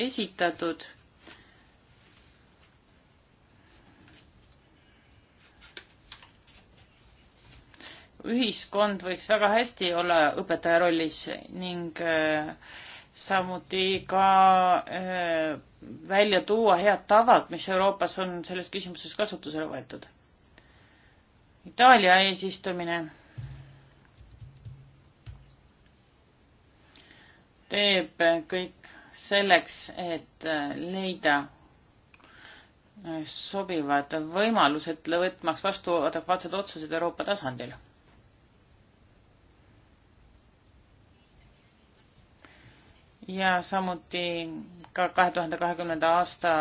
esitatud ühiskond võiks väga hästi olla õpetaja rollis ning äh, samuti ka äh, välja tuua head tavad, mis Euroopas on selles küsimuses kasutusele võetud. Itaalia eesistumine teeb kõik selleks, et äh, leida äh, sobivad võimalused, võtmaks vastu adekvaatsed otsused Euroopa tasandil ja samuti ka kahe tuhande kahekümnenda aasta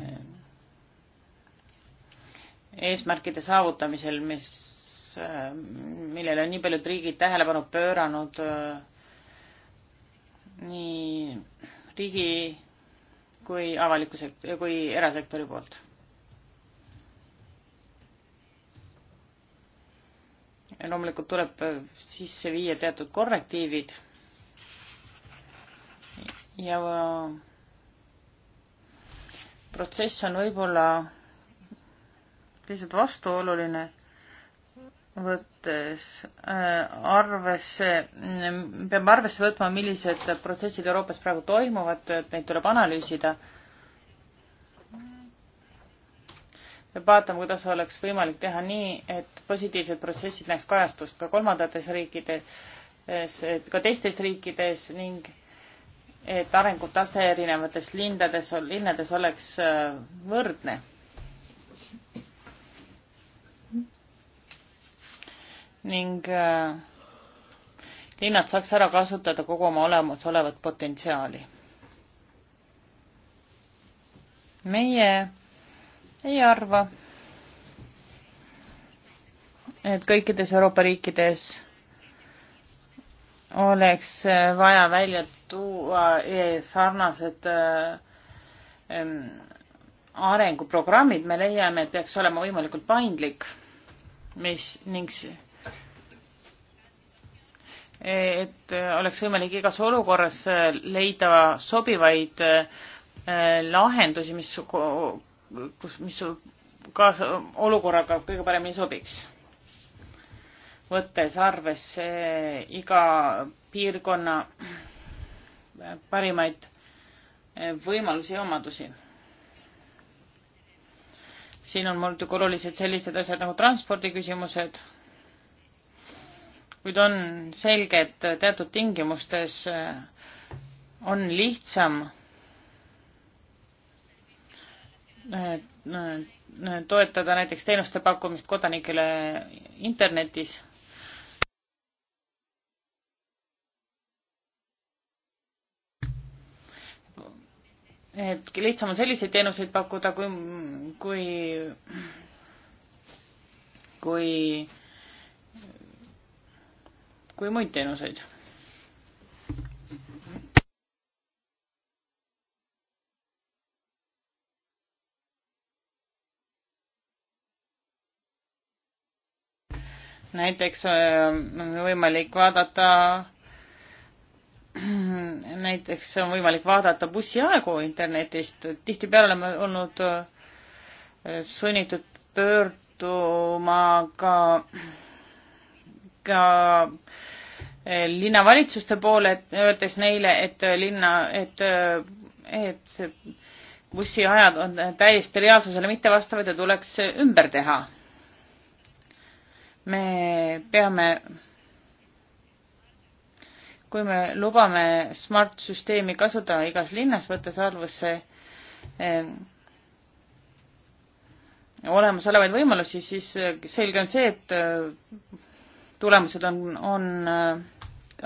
eh, eesmärkide saavutamisel, mis, eh, millele on nii paljud riigid tähelepanu pööranud, eh, nii riigi kui avaliku sekt-, kui erasektori poolt. loomulikult tuleb sisse viia teatud korrektiivid ja äh, protsess on võib-olla pisut vastuoluline, võttes äh, arvesse, peame arvesse võtma, millised protsessid Euroopas praegu toimuvad, et neid tuleb analüüsida. peab vaatama, kuidas oleks võimalik teha nii, et positiivsed protsessid näeks kajastust ka kolmandates riikides, ka teistes riikides ning et arengutase erinevates lindades, linnades oleks äh, võrdne. ning äh, linnad saaks ära kasutada kogu oma olemasolevat potentsiaali. meie ei arva, et kõikides Euroopa riikides oleks äh, vaja välja tuua äh, e, sarnased äh, arenguprogrammid, me leiame, et peaks olema võimalikult paindlik, mis ning e, et äh, oleks võimalik igas olukorras leida sobivaid lahendusi, mis, kus, mis kaasa, olukorraga kõige paremini sobiks. võttes arvesse iga piirkonna parimaid eh, võimalusi ja omadusi. siin on muidugi olulised sellised asjad nagu transpordiküsimused, kuid on selge, et teatud tingimustes eh, on lihtsam eh, toetada näiteks teenuste pakkumist kodanikele internetis et lihtsam on selliseid teenuseid pakkuda, kui, kui, kui, kui muid teenuseid. näiteks äh, on võimalik vaadata näiteks on võimalik vaadata bussiaegu internetist, tihtipeale oleme olnud äh, sunnitud pöörduma ka, ka äh, linnavalitsuste poole, öeldes neile, et äh, linna, et, et see bussiajad on täiesti reaalsusele mittevastavad ja tuleks ümber teha. me peame kui me lubame smart-süsteemi kasutada igas linnas, võttes arvesse eh, olemasolevaid võimalusi, siis eh, selge on see, et eh, tulemused on, on,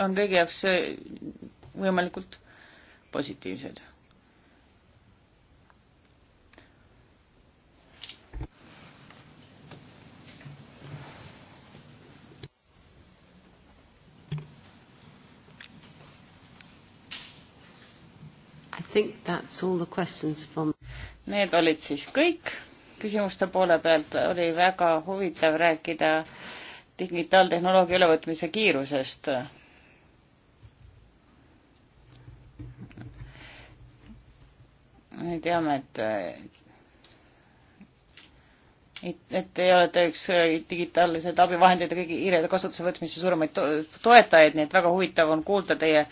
on kõigi jaoks võimalikult positiivsed think that's all the questions from Need olid siis kõik. Küsimuste poole pealt oli väga huvitav rääkida digitaaltehnoloogia ülevõtmise kiirusest. me teame, et et, et te olete üks digitaalsed abivahendid ja kõigi hiirede kasutuse võtmise suuremaid to toetajaid, nii et väga huvitav on kuulda teie äh,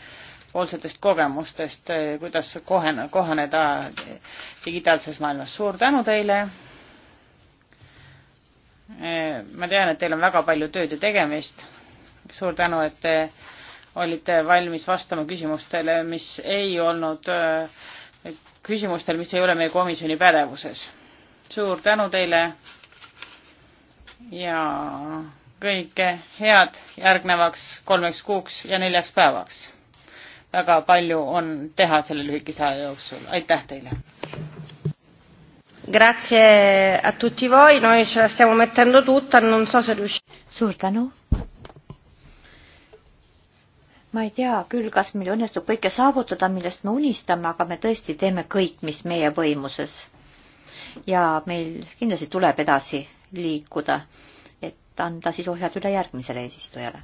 poolsetest kogemustest, kuidas kohene, kohaneda digitaalses maailmas. suur tänu teile. ma tean, et teil on väga palju tööd ja tegemist. suur tänu, et te olite valmis vastama küsimustele, mis ei olnud, küsimustele, mis ei ole meie komisjoni pädevuses. suur tänu teile ja kõike head järgnevaks kolmeks kuuks ja neljaks päevaks väga palju on teha selle lühikese aja jooksul, aitäh teile! Grazie a tutti voi, noi ce la stiamo mettendo tutta, non so se riusciamo. Suur tänu! ma ei tea küll, kas meil õnnestub kõike saavutada, millest me unistame, aga me tõesti teeme kõik, mis meie võimuses. ja meil kindlasti tuleb edasi liikuda, et anda siis ohjad üle järgmisele eesistujale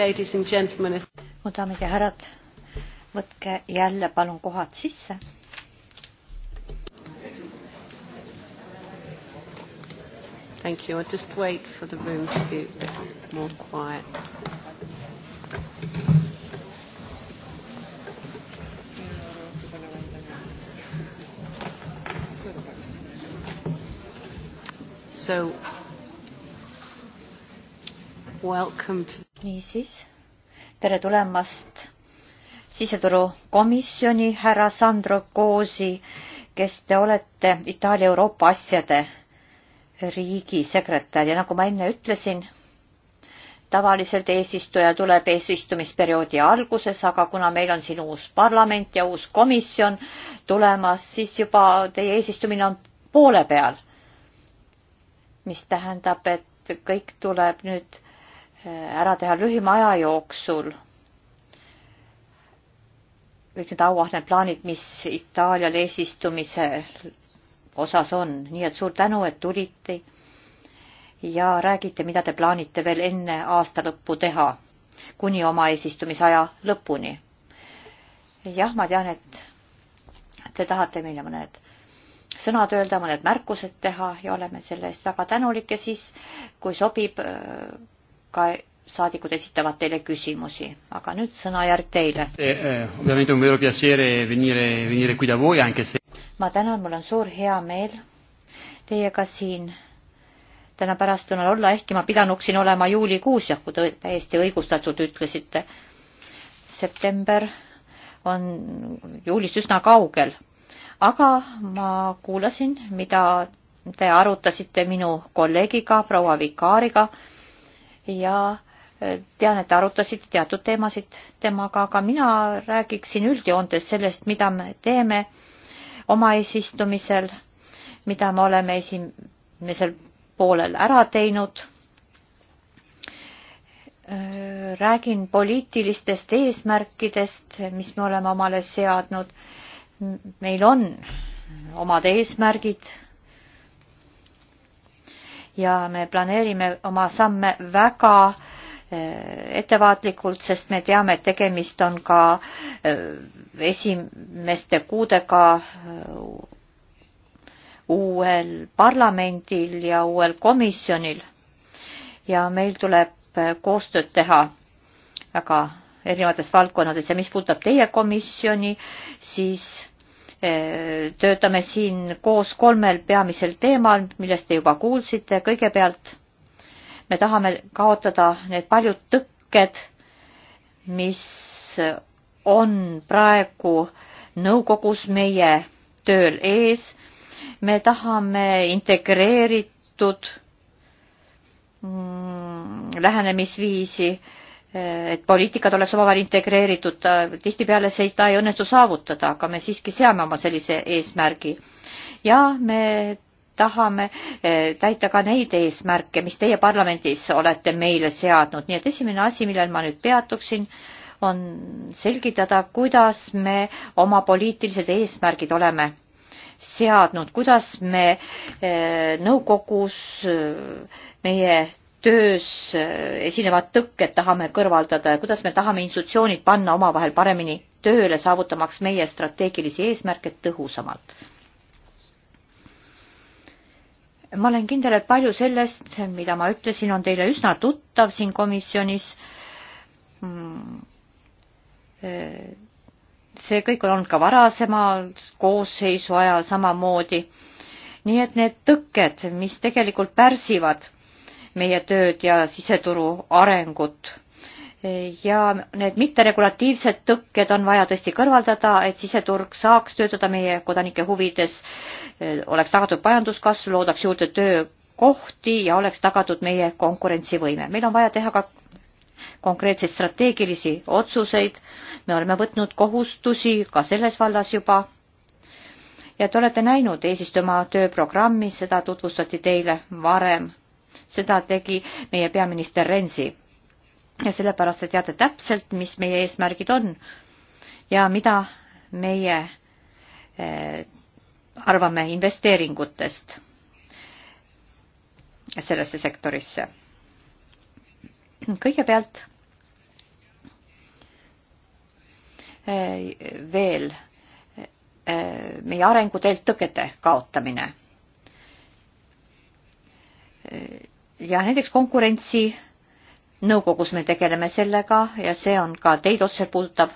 ladies and gentlemen. mu daamid ja härrad, võtke jälle palun kohad sisse. Thank you. I'll just wait for the room to be more quiet. So, welcome to niisiis, tere tulemast siseturukomisjoni härra Sandro Koosi, kes te olete Itaalia Euroopa asjade riigisekretär ja nagu ma enne ütlesin, tavaliselt eesistuja tuleb eesistumisperioodi alguses, aga kuna meil on siin uus parlament ja uus komisjon tulemas, siis juba teie eesistumine on poole peal. mis tähendab, et kõik tuleb nüüd ära teha lühima aja jooksul. kõik need auahned plaanid, mis Itaalial eesistumise osas on, nii et suur tänu, et tulite ja räägite, mida te plaanite veel enne aasta lõppu teha, kuni oma eesistumisaja lõpuni. jah, ma tean, et te tahate meile mõned sõnad öelda, mõned märkused teha ja oleme selle eest väga tänulik ja siis, kui sobib, ka saadikud esitavad teile küsimusi, aga nüüd sõnajärg teile. Eh, eh, ma tänan, mul on suur heameel teiega siin täna pärastlõunal olla, ehkki ma pidanuksin olema juulikuus, jah, kui te täiesti õigustatult ütlesite. september on juulist üsna kaugel, aga ma kuulasin, mida te arutasite minu kolleegiga, proua Vikaariga ja eh, tean, et te arutasite teatud teemasid temaga, aga mina räägiksin üldjoontes sellest, mida me teeme oma eesistumisel, mida me oleme esimesel poolel ära teinud. Eh, räägin poliitilistest eesmärkidest, mis me oleme omale seadnud. meil on omad eesmärgid ja me planeerime oma samme väga eh, ettevaatlikult, sest me teame, et tegemist on ka eh, esimeste kuudega eh, uuel parlamendil ja uuel komisjonil. ja meil tuleb koostööd teha väga erinevates valdkonnades ja mis puudutab teie komisjoni, siis töötame siin koos kolmel peamisel teemal, millest te juba kuulsite. kõigepealt me tahame kaotada need paljud tõkked, mis on praegu nõukogus meie tööl ees. me tahame integreeritud mm, lähenemisviisi et poliitikad oleks omavahel integreeritud, tihtipeale seda ei õnnestu saavutada, aga me siiski seame oma sellise eesmärgi. ja me tahame eh, täita ka neid eesmärke, mis teie parlamendis olete meile seadnud, nii et esimene asi, millel ma nüüd peatuksin, on selgitada, kuidas me oma poliitilised eesmärgid oleme seadnud, kuidas me eh, nõukogus eh, meie töös äh, esinevad tõkked tahame kõrvaldada ja kuidas me tahame institutsioonid panna omavahel paremini tööle, saavutamaks meie strateegilisi eesmärke tõhusamalt. ma olen kindel, et palju sellest, mida ma ütlesin, on teile üsna tuttav siin komisjonis. Mm. Äh, see kõik on olnud ka varasema koosseisu ajal samamoodi. nii et need tõkked, mis tegelikult pärsivad meie tööd ja siseturu arengut. ja need mitteregulatiivsed tõkked on vaja tõesti kõrvaldada, et siseturg saaks töötada meie kodanike huvides, oleks tagatud majanduskasv, loodaks juurde töökohti ja oleks tagatud meie konkurentsivõime. meil on vaja teha ka konkreetseid strateegilisi otsuseid, me oleme võtnud kohustusi ka selles vallas juba ja te olete näinud eesistuja tööprogrammi, seda tutvustati teile varem seda tegi meie peaminister Renzi. ja sellepärast te teate täpselt, mis meie eesmärgid on ja mida meie eh, arvame investeeringutest sellesse sektorisse. kõigepealt eh, veel eh, meie arenguteelt tõkete kaotamine ja näiteks konkurentsi nõukogus me tegeleme sellega ja see on ka teid otseselt puudutav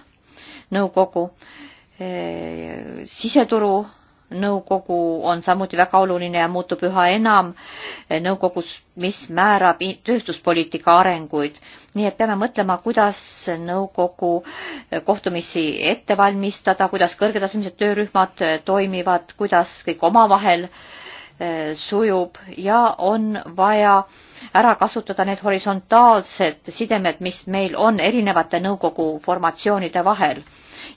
nõukogu. E, siseturu nõukogu on samuti väga oluline ja muutub üha enam nõukogus, mis määrab tööstuspoliitika arenguid. nii et peame mõtlema, kuidas nõukogu kohtumisi ette valmistada, kuidas kõrgetasemelised töörühmad toimivad, kuidas kõik omavahel äh, sujub ja on vaja ära kasutada need horisontaalsed sidemed, mis meil on erinevate nõukogu formatsioonide vahel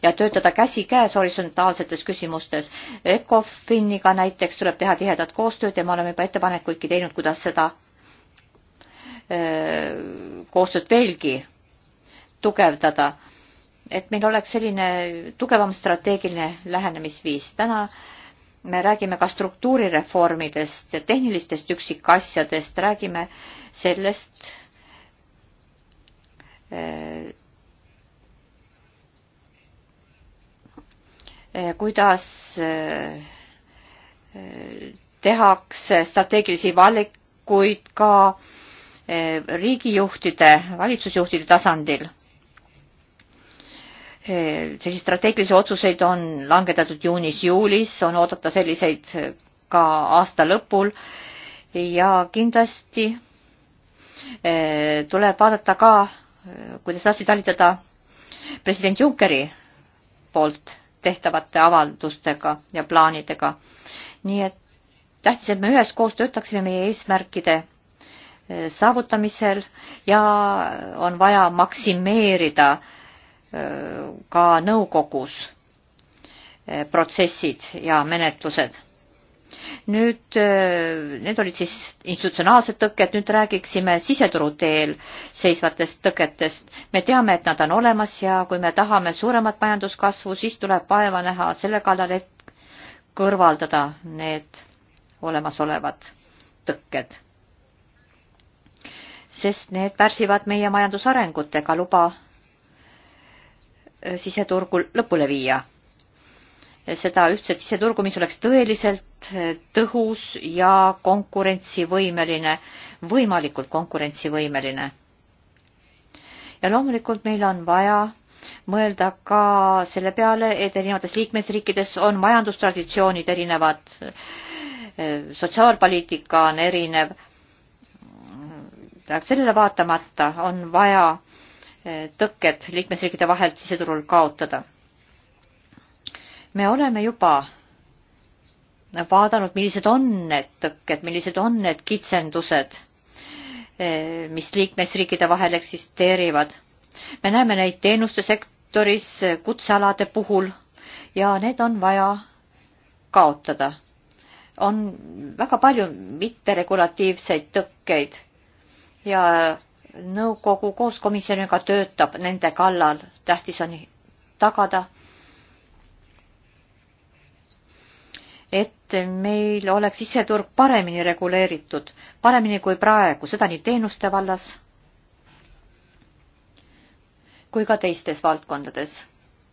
ja töötada käsikäes horisontaalsetes küsimustes. ECOFIN-iga näiteks tuleb teha tihedat koostööd ja me oleme juba ettepanekuidki teinud, kuidas seda öö, koostööd veelgi tugevdada. et meil oleks selline tugevam strateegiline lähenemisviis. täna öö, me räägime ka struktuurireformidest ja tehnilistest üksikasjadest, räägime sellest, eh, kuidas eh, tehakse strateegilisi valikuid ka eh, riigijuhtide, valitsusjuhtide tasandil selliseid strateegilisi otsuseid on langetatud juunis-juulis, on oodata selliseid ka aasta lõpul ja kindlasti eh, tuleb vaadata ka, eh, kuidas edasi talitada president Junckeri poolt tehtavate avaldustega ja plaanidega. nii et tähtis, et me üheskoos töötaksime meie eesmärkide eh, saavutamisel ja on vaja maksimeerida äh, ka nõukogus eh, protsessid ja menetlused. nüüd, eh, need olid siis institutsionaalsed tõkked, nüüd räägiksime siseturu teel seisvatest tõketest. me teame, et nad on olemas ja kui me tahame suuremat majanduskasvu, siis tuleb vaeva näha selle kallal, et kõrvaldada need olemasolevad tõkked sest need pärsivad meie majandusarengut ega luba Äh, siseturgul lõpule viia. seda ühtset siseturgu, mis oleks tõeliselt äh, tõhus ja konkurentsivõimeline, võimalikult konkurentsivõimeline. ja loomulikult meil on vaja mõelda ka selle peale, et erinevates liikmesriikides on majandustraditsioonid erinevad, äh, sotsiaalpoliitika on erinev, sellele vaatamata on vaja tõkked liikmesriikide vahelt siseturul kaotada. me oleme juba vaadanud, millised on need tõkked, millised on need kitsendused, mis liikmesriikide vahel eksisteerivad. me näeme neid teenuste sektoris, kutsealade puhul ja need on vaja kaotada. on väga palju mitteregulatiivseid tõkkeid ja nõukogu koos komisjoniga töötab nende kallal, tähtis on tagada, et meil oleks siseturg paremini reguleeritud, paremini kui praegu, seda nii teenuste vallas kui ka teistes valdkondades.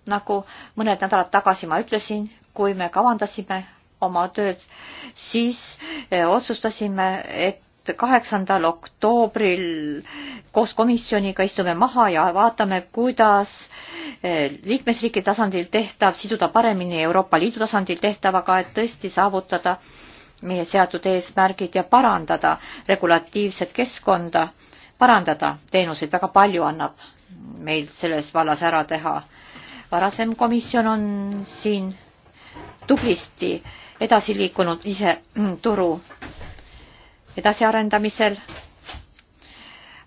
nagu mõned nädalad tagasi ma ütlesin, kui me kavandasime oma tööd, siis eh, otsustasime, et kaheksandal oktoobril koos komisjoniga istume maha ja vaatame, kuidas eh, liikmesriigi tasandil tehtav siduda paremini Euroopa Liidu tasandil tehtavaga, et tõesti saavutada meie seatud eesmärgid ja parandada regulatiivset keskkonda, parandada teenuseid, väga palju annab meil selles vallas ära teha. varasem komisjon on siin tublisti edasi liikunud ise mm, turu edasiarendamisel.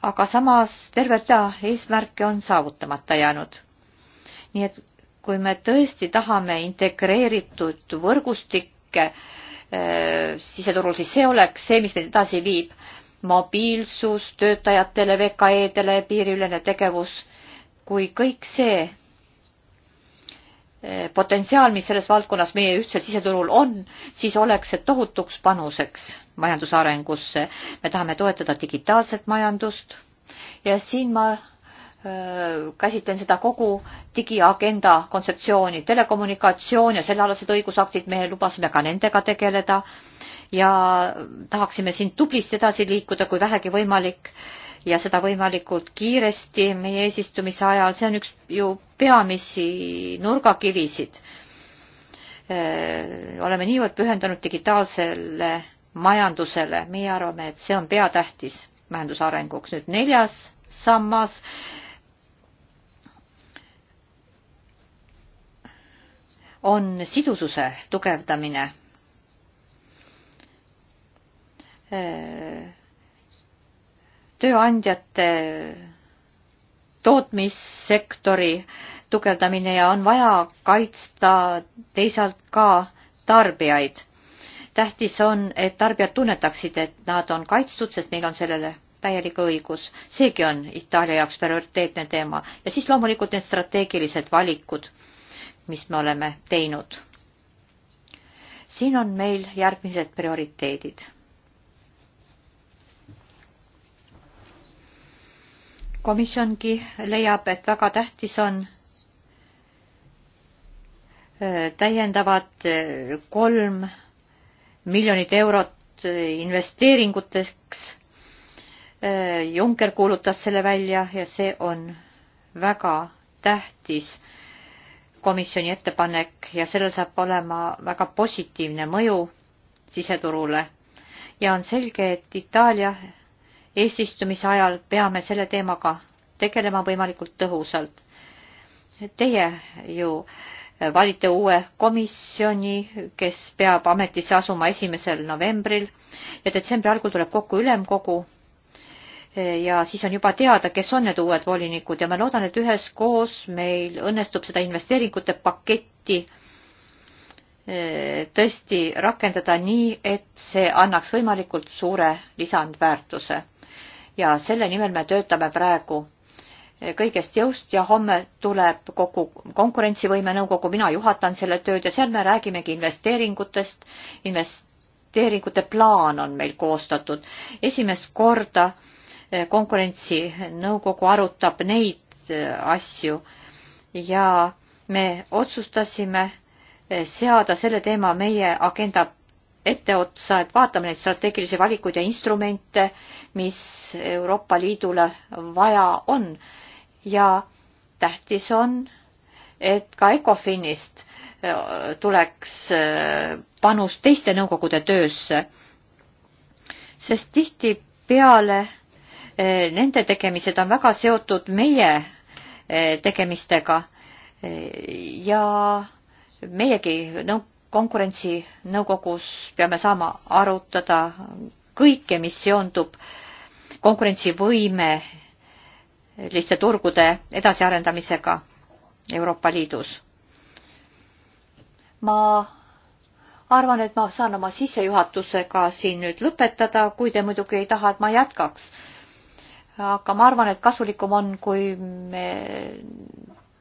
aga samas terve pea eesmärke on saavutamata jäänud. nii et kui me tõesti tahame integreeritud võrgustikke äh, siseturul, siis see oleks see, mis meid edasi viib. mobiilsus töötajatele, VKE-dele, piiriülene tegevus, kui kõik see Eh, potentsiaal, mis selles valdkonnas meie ühtsel siseturul on, siis oleks see tohutuks panuseks majanduse arengusse. me tahame toetada digitaalset majandust ja siin ma öö, eh, käsitlen seda kogu digiagenda kontseptsiooni, telekommunikatsioon ja sellealased õigusaktid, me lubasime ka nendega tegeleda ja tahaksime siin tublisti edasi liikuda, kui vähegi võimalik ja seda võimalikult kiiresti meie eesistumise ajal, see on üks ju peamisi nurgakivisid. Äh, oleme niivõrd pühendunud digitaalsele majandusele, meie arvame, et see on peatähtis majanduse arenguks. nüüd neljas sammas. on sidususe tugevdamine äh, tööandjate tootmissektori tugevdamine ja on vaja kaitsta teisalt ka tarbijaid. tähtis on, et tarbijad tunnetaksid, et nad on kaitstud, sest neil on sellele täielik õigus. seegi on Itaalia jaoks prioriteetne teema ja siis loomulikult need strateegilised valikud, mis me oleme teinud. siin on meil järgmised prioriteedid komisjongi leiab, et väga tähtis on äh, täiendavad äh, kolm miljonit eurot äh, investeeringuteks. Juncker kuulutas selle välja ja see on väga tähtis komisjoni ettepanek ja sellel saab olema väga positiivne mõju siseturule ja on selge, et Itaalia eesistumise ajal peame selle teemaga tegelema võimalikult tõhusalt. Teie ju valite uue komisjoni, kes peab ametisse asuma esimesel novembril ja detsembri algul tuleb kokku ülemkogu ja siis on juba teada, kes on need uued volinikud ja ma loodan, et üheskoos meil õnnestub seda investeeringute paketti eh, tõesti rakendada nii, et see annaks võimalikult suure lisandväärtuse ja selle nimel me töötame praegu kõigest jõust ja homme tuleb kokku konkurentsivõime nõukogu, mina juhatan selle tööd ja seal me räägimegi investeeringutest, investeeringute plaan on meil koostatud. esimest korda konkurentsinõukogu arutab neid äh, asju ja me otsustasime äh, seada selle teema meie agenda etteotsa, et vaatame neid strateegilisi valikuid ja instrumente, mis Euroopa Liidule vaja on. ja tähtis on, et ka ECOFINist äh, tuleks äh, panus teiste nõukogude töösse, sest tihtipeale äh, nende tegemised on väga seotud meie tegemistega ja meiegi nõu-, konkurentsinõukogus peame saama arutada kõike, mis seondub konkurentsivõime selliste turgude edasiarendamisega Euroopa Liidus. ma arvan, et ma saan oma sissejuhatusega siin nüüd lõpetada, kui te muidugi ei taha, et ma jätkaks. aga ma arvan, et kasulikum on, kui me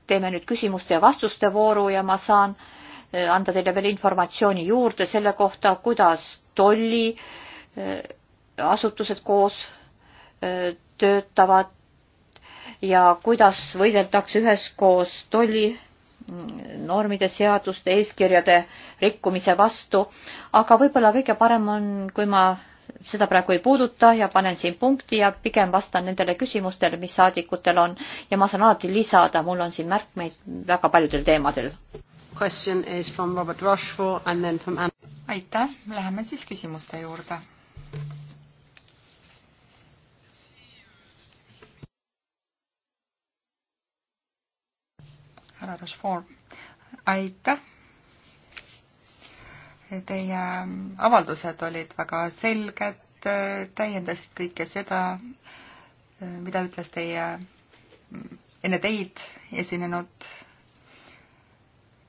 teeme nüüd küsimuste ja vastuste vooru ja ma saan äh, Eh, anda teile veel informatsiooni juurde selle kohta, kuidas tolliasutused eh, koos eh, töötavad ja kuidas võideldakse üheskoos tolli mm, normide, seaduste, eeskirjade rikkumise vastu, aga võib-olla kõige parem on, kui ma seda praegu ei puuduta ja panen siin punkti ja pigem vastan nendele küsimustele, mis saadikutel on ja ma saan alati lisada, mul on siin märkmeid väga paljudel teemadel question is from Robert Rochefort and then from Anna. aitäh, läheme siis küsimuste juurde. härra Rochefort, aitäh. Teie avaldused olid väga selged, täiendasid kõike seda, mida ütles teie enne teid esinenud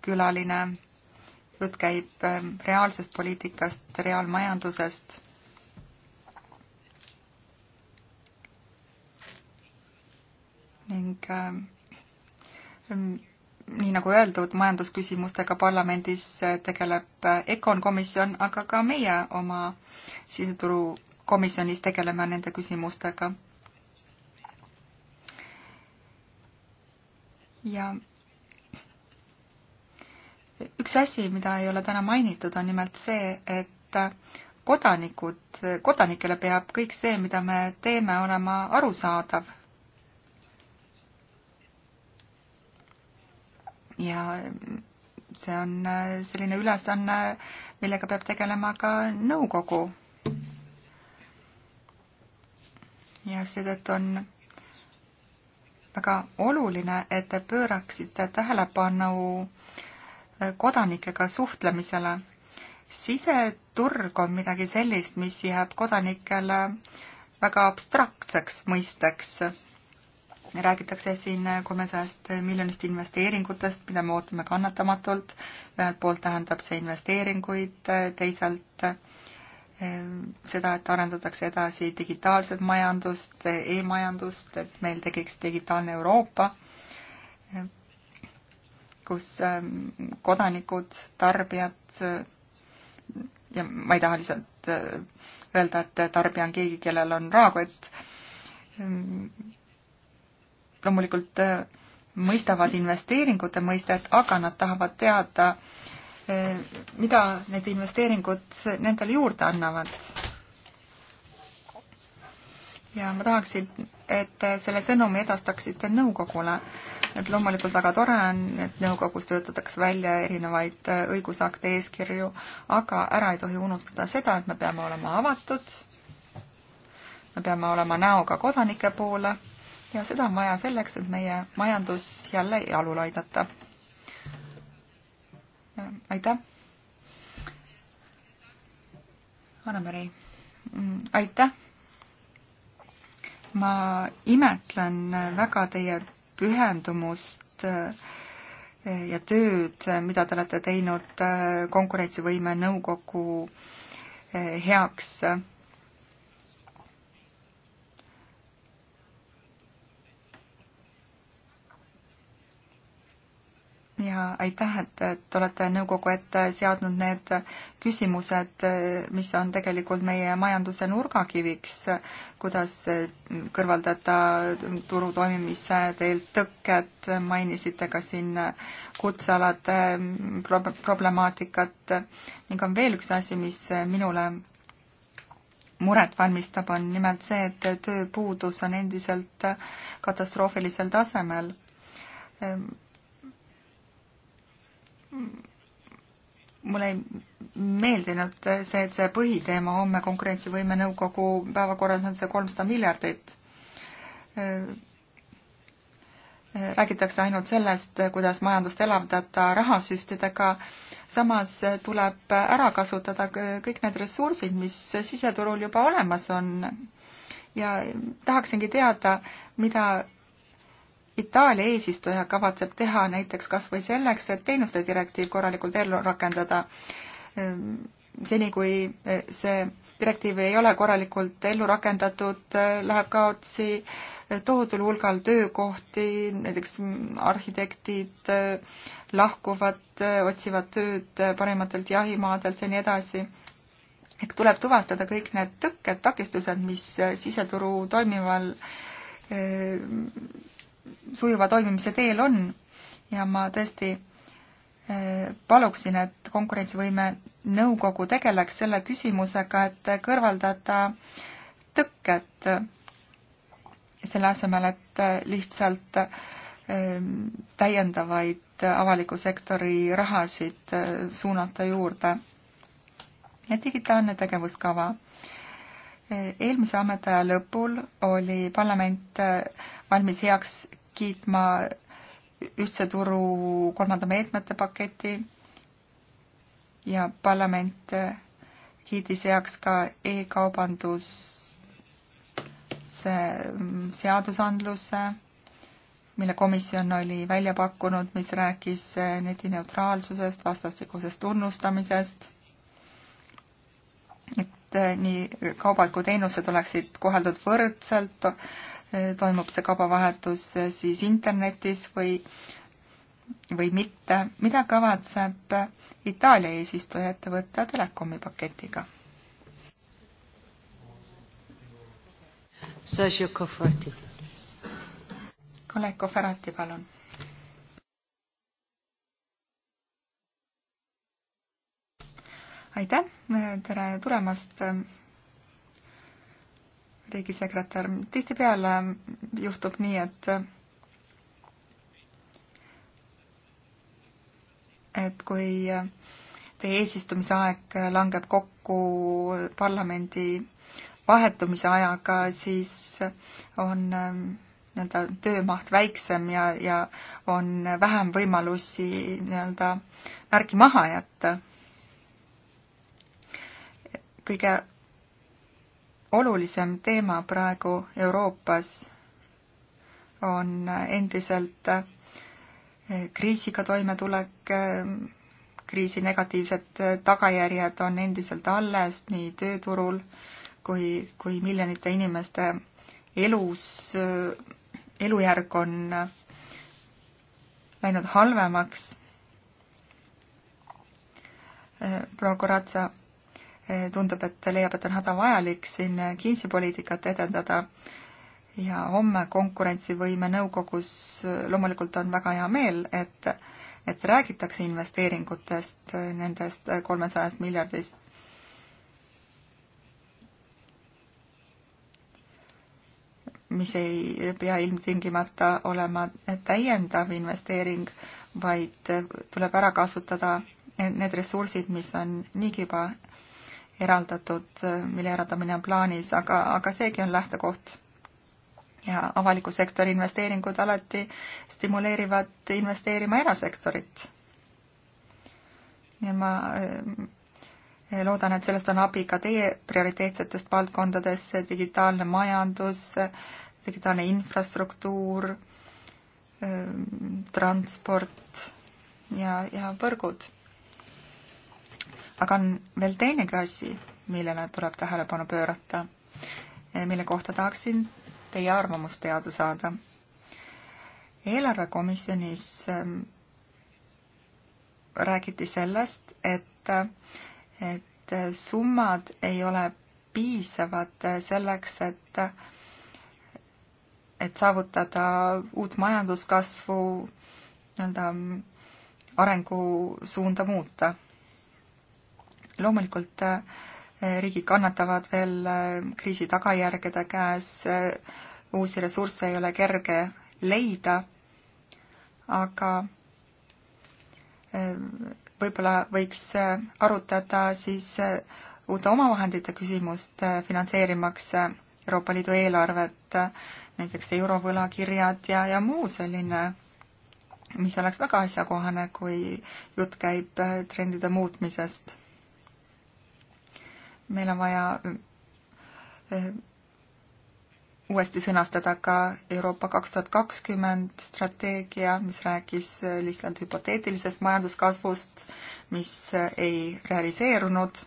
külaline. jutt käib ähm, reaalsest poliitikast, reaalmajandusest. ning ähm, nii nagu öeldud, majandusküsimustega parlamendis äh, tegeleb äh, EKON komisjon, aga ka meie oma siseturukomisjonis tegeleme nende küsimustega. ja üks asi, mida ei ole täna mainitud, on nimelt see, et kodanikud, kodanikele peab kõik see, mida me teeme, olema arusaadav. ja see on äh, selline ülesanne, millega peab tegelema ka nõukogu. ja seetõttu on väga oluline, et te pööraksite tähelepanu kodanikega suhtlemisele. siseturg on midagi sellist, mis jääb kodanikele väga abstraktseks mõisteks. räägitakse siin kolmesajast miljonist investeeringutest, mida me ootame kannatamatult. ühelt poolt tähendab see investeeringuid, teisalt eh, seda, et arendatakse edasi digitaalset majandust e, e-majandust, et meil tekiks digitaalne Euroopa kus ähm, kodanikud, tarbijad äh, ja ma ei taha lihtsalt äh, öelda, et tarbija on keegi, kellel on rahakott. Ehm, loomulikult äh, mõistavad investeeringute mõistet, aga nad tahavad teada, mida need investeeringud nendele juurde annavad. ja ma tahaksin, et selle sõnumi edastaksite nõukogule et loomulikult väga tore on, et nõukogus töötatakse välja erinevaid äh, õigusakte, eeskirju, aga ära ei tohi unustada seda, et me peame olema avatud, me peame olema näoga kodanike poole ja seda on vaja selleks, et meie majandus jälle jalule aidata. aitäh. Anna-Mari, mm, aitäh ma imetlen väga teie pühendumust eh, ja tööd, eh, mida te olete teinud eh, konkurentsivõime nõukogu heaks ja aitäh, et, et olete nõukogu ette seadnud need küsimused, mis on tegelikult meie majanduse nurgakiviks, kuidas kõrvaldada turu toimimise teelt tõkked, mainisite ka siin kutsealade problemaatikat ning on veel üks asi, mis minule muret valmistab, on nimelt see, et tööpuudus on endiselt katastroofilisel tasemel mulle ei meeldinud see, et see põhiteema homme konkurentsivõime nõukogu päevakorras on see kolmsada miljardit. räägitakse ainult sellest, kuidas majandust elavdada rahasüstidega, samas tuleb ära kasutada kõik need ressursid, mis siseturul juba olemas on. ja tahaksingi teada, mida Itaalia eesistuja kavatseb teha näiteks kas või selleks, et teenuste direktiiv korralikult ellu rakendada. Ehm, seni, kui eh, see direktiiv ei ole korralikult ellu rakendatud, eh, läheb kaotsi eh, tohutul hulgal töökohti, näiteks mm, arhitektid lahkuvad, otsivad tööd parematelt jahimaadelt ja nii edasi. ehk tuleb tuvastada kõik need tõkked, takistused, mis siseturu toimival sujuva toimimise teel on ja ma tõesti eh, paluksin, et konkurentsivõime nõukogu tegeleks selle küsimusega, et kõrvaldada tõkked selle asemel, et lihtsalt eh, täiendavaid avaliku sektori rahasid eh, suunata juurde. ja digitaalne tegevuskava. eelmise ametiaja lõpul oli parlament valmis heaks kiitma ühtse turu kolmanda meetmete paketi ja parlament kiidis heaks ka e-kaubandus mm, seadusandluse, mille komisjon oli välja pakkunud, mis rääkis netineutraalsusest, vastastikusest tunnustamisest, et eh, nii kaubad kui teenused oleksid koheldud võrdselt, Eh, toimub see kaubavahetus eh, siis internetis või, või mitte. mida kavatseb eh, Itaalia eesistuja ette võtta telekomi paketiga? Sergio Cofferati. kolleeg Cofferati, palun aitäh, tere tulemast riigisekretär. tihtipeale juhtub nii, et et kui teie eesistumise aeg langeb kokku parlamendi vahetumise ajaga, siis on ähm, nii-öelda töömaht väiksem ja, ja on vähem võimalusi nii-öelda märgi maha jätta. kõige olulisem teema praegu Euroopas on endiselt eh, kriisiga toimetulek, eh, kriisi negatiivsed eh, tagajärjed on endiselt alles nii tööturul kui, kui miljonite inimeste elus, elujärg on läinud halvemaks. proua Koratsa Eh, tundub, et leiab, et on hädavajalik siin eh, Keynesi poliitikat edendada ja homme konkurentsivõime nõukogus eh, loomulikult on väga hea meel, et, et räägitakse investeeringutest, nendest kolmesajast miljardist. mis ei pea ilmtingimata olema täiendav investeering, vaid tuleb ära kasutada need ressursid, mis on niigi juba eraldatud, mille eraldamine on plaanis, aga, aga seegi on lähtekoht. ja avaliku sektori investeeringud alati stimuleerivad investeerima erasektorit. nii et ma eh, loodan, et sellest on abi ka teie prioriteetsetest valdkondadest, digitaalne majandus, digitaalne infrastruktuur, eh, transport ja, ja võrgud aga on veel teinegi asi, millele tuleb tähelepanu pöörata, eh, mille kohta tahaksin teie arvamust teada saada. eelarvekomisjonis ehm, räägiti sellest, et, et summad ei ole piisavad selleks, et, et saavutada uut majanduskasvu, nii-öelda arengusuunda muuta loomulikult äh, riigid kannatavad veel äh, kriisi tagajärgede käes, äh, uusi ressursse ei ole kerge leida, aga võib-olla võiks arutada siis uute omavahendite küsimust finantseerimaks Euroopa Liidu eelarvet, näiteks eurovõlakirjad ja, ja muu selline, mis oleks väga asjakohane, kui jutt käib trendide muutmisest meil on vaja äh, uuesti sõnastada ka Euroopa kaks tuhat kakskümmend strateegia, mis rääkis äh, lihtsalt hüpoteetilisest majanduskasvust, mis äh, ei realiseerunud.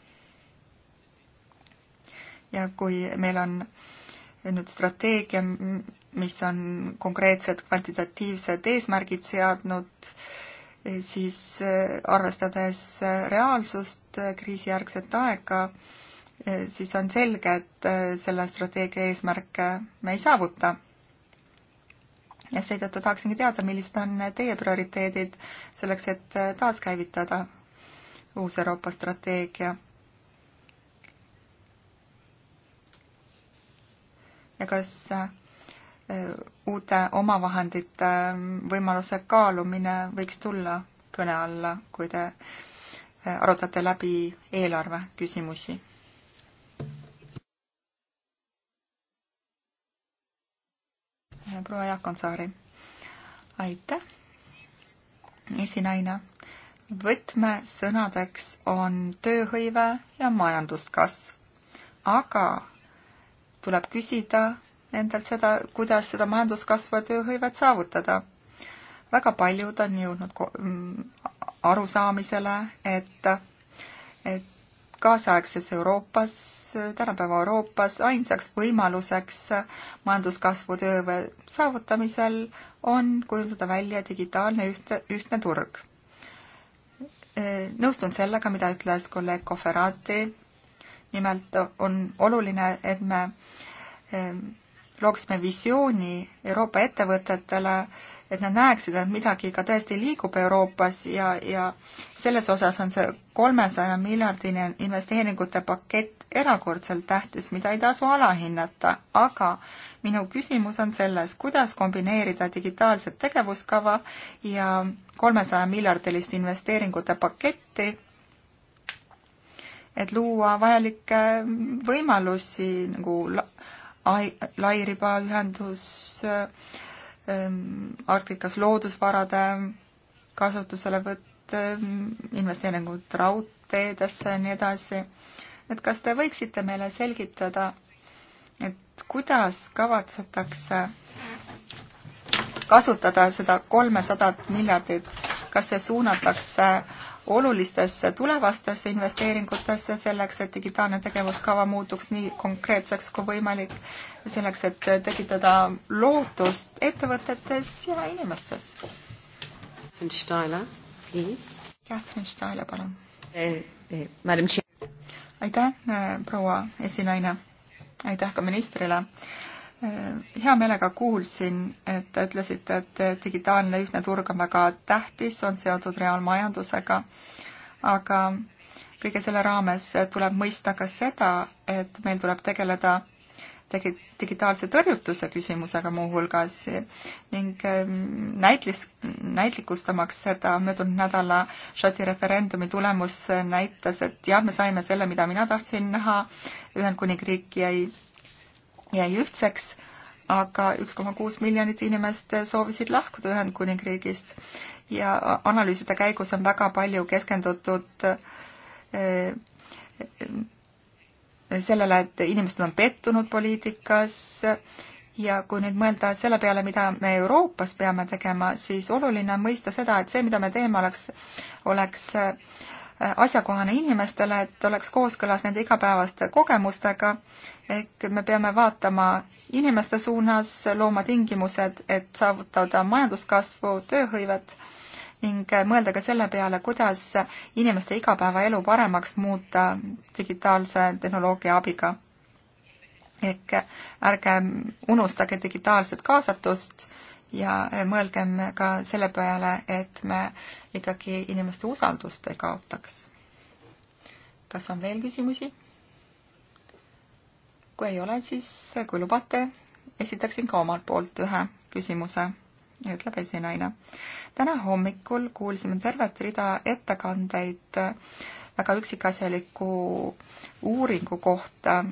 ja kui meil on nüüd strateegia, mis on konkreetsed kvantitatiivsed eesmärgid seadnud, siis arvestades reaalsust, kriisijärgset aega, Äh, siis on selge, et äh, selle strateegia eesmärke äh, me ei saavuta. ja seetõttu tahaksingi teada, millised on teie prioriteedid selleks, et taaskäivitada uus Euroopa strateegia. ja kas uute omavahendite võimaluse kaalumine võiks tulla kõne alla, kui te arutate läbi eelarve küsimusi? proua Jaakonsaari. aitäh, esinaine. võtmesõnadeks on tööhõive ja majanduskasv. aga tuleb küsida endalt seda, kuidas seda majanduskasvu ja tööhõivet saavutada. väga paljud on jõudnud mm, arusaamisele, et, et kaasaegses Euroopas, tänapäeva Euroopas ainsaks võimaluseks majanduskasvu töövõi saavutamisel on kujundada välja digitaalne ühtne, ühtne turg. nõustun sellega, mida ütles kolleeg Koferati. nimelt on oluline, et me eh, looksime visiooni Euroopa ettevõtetele et nad näeksid, et midagi ka tõesti liigub Euroopas ja, ja selles osas on see kolmesaja miljardine investeeringute pakett erakordselt tähtis, mida ei tasu alahinnata, aga minu küsimus on selles, kuidas kombineerida digitaalset tegevuskava ja kolmesaja miljardilist investeeringute paketti et luua vajalikke võimalusi nagu lairibaühendus, Ehm, Arktikas loodusvarade kasutuselevõtt, ehm, investeeringud raudteedesse ja nii edasi. et kas te võiksite meile selgitada, et kuidas kavatsetakse kasutada seda kolmesadat miljardit, kas see suunatakse olulistesse tulevastesse investeeringutesse selleks, et digitaalne tegevuskava muutuks nii konkreetseks kui võimalik, selleks, et tekitada lootust ettevõtetes ja inimestes. Catherine Steiler, palun. Eh, eh, aitäh, eh, proua esinaine. aitäh ka ministrile Äh, hea meelega kuulsin, et te ütlesite, et digitaalne ühtne turg on väga tähtis, on seotud reaalmajandusega, aga kõige selle raames tuleb mõista ka seda, et meil tuleb tegeleda tegi digitaalse tõrjutuse küsimusega muuhulgas ning ähm, näitlis, näitlikustamaks seda möödunud nädala Šoti referendumi tulemus näitas, et jah, me saime selle, mida mina tahtsin näha, Ühendkuningriik jäi jäi ühtseks, aga üks koma kuus miljonit inimest soovisid lahkuda Ühendkuningriigist ja analüüside käigus on väga palju keskendutud eh, sellele, et inimesed on pettunud poliitikas ja kui nüüd mõelda selle peale, mida me Euroopas peame tegema, siis oluline on mõista seda, et see, mida me teeme, oleks, oleks asjakohane inimestele, et oleks kooskõlas nende igapäevaste kogemustega, ehk me peame vaatama inimeste suunas, looma tingimused, et saavutada majanduskasvu, tööhõivet ning mõelda ka selle peale, kuidas inimeste igapäevaelu paremaks muuta digitaalse tehnoloogia abiga. ehk ärge unustage digitaalset kaasatust ja mõelgem ka selle peale, et me ikkagi inimeste usaldust ei kaotaks. kas on veel küsimusi? kui ei ole, siis kui lubate, esitaksin ka omalt poolt ühe küsimuse, ütleb esinaine. täna hommikul kuulsime tervet rida ettekandeid väga üksikasjaliku uuringu kohta,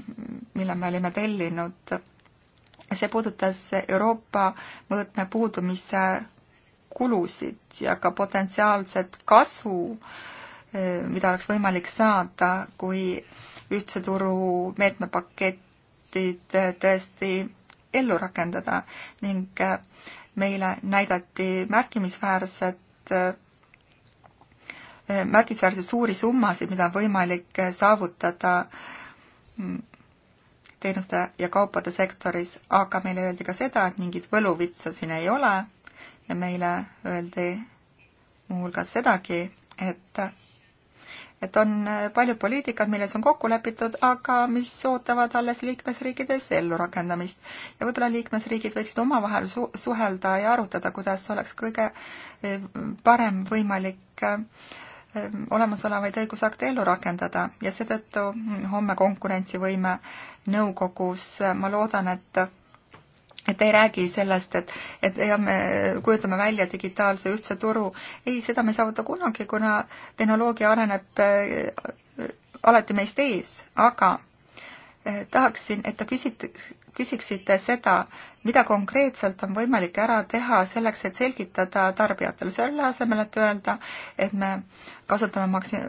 mille me olime tellinud see puudutas Euroopa mõõtme puudumise kulusid ja ka potentsiaalset kasu, eh, mida oleks võimalik saada, kui ühtse turu meetmepaketid eh, tõesti ellu rakendada ning eh, meile näidati märkimisväärset, märkimisväärselt suuri summasid, mida on võimalik saavutada mm, teenuste ja kaupade sektoris, aga meile öeldi ka seda, et mingit võluvitsa siin ei ole ja meile öeldi muuhulgas sedagi, et et on paljud poliitikad, milles on kokku lepitud, aga mis ootavad alles liikmesriikides ellurakendamist. ja võib-olla liikmesriigid võiksid omavahel su suhelda ja arutada, kuidas oleks kõige eh, parem võimalik äh, Ehm, olemasolevaid õigusakte ellu rakendada ja seetõttu mm, homme konkurentsivõime nõukogus äh, ma loodan, et et ei räägi sellest, et, et ja me äh, kujutame välja digitaalse ühtse turu. ei, seda me ei saavuta kunagi, kuna tehnoloogia areneb äh, alati meist ees, aga tahaksin, et ta küsitaks, küsiksite seda, mida konkreetselt on võimalik ära teha selleks, et selgitada tarbijatele, selle asemel, et öelda, et me kasutame maksi-,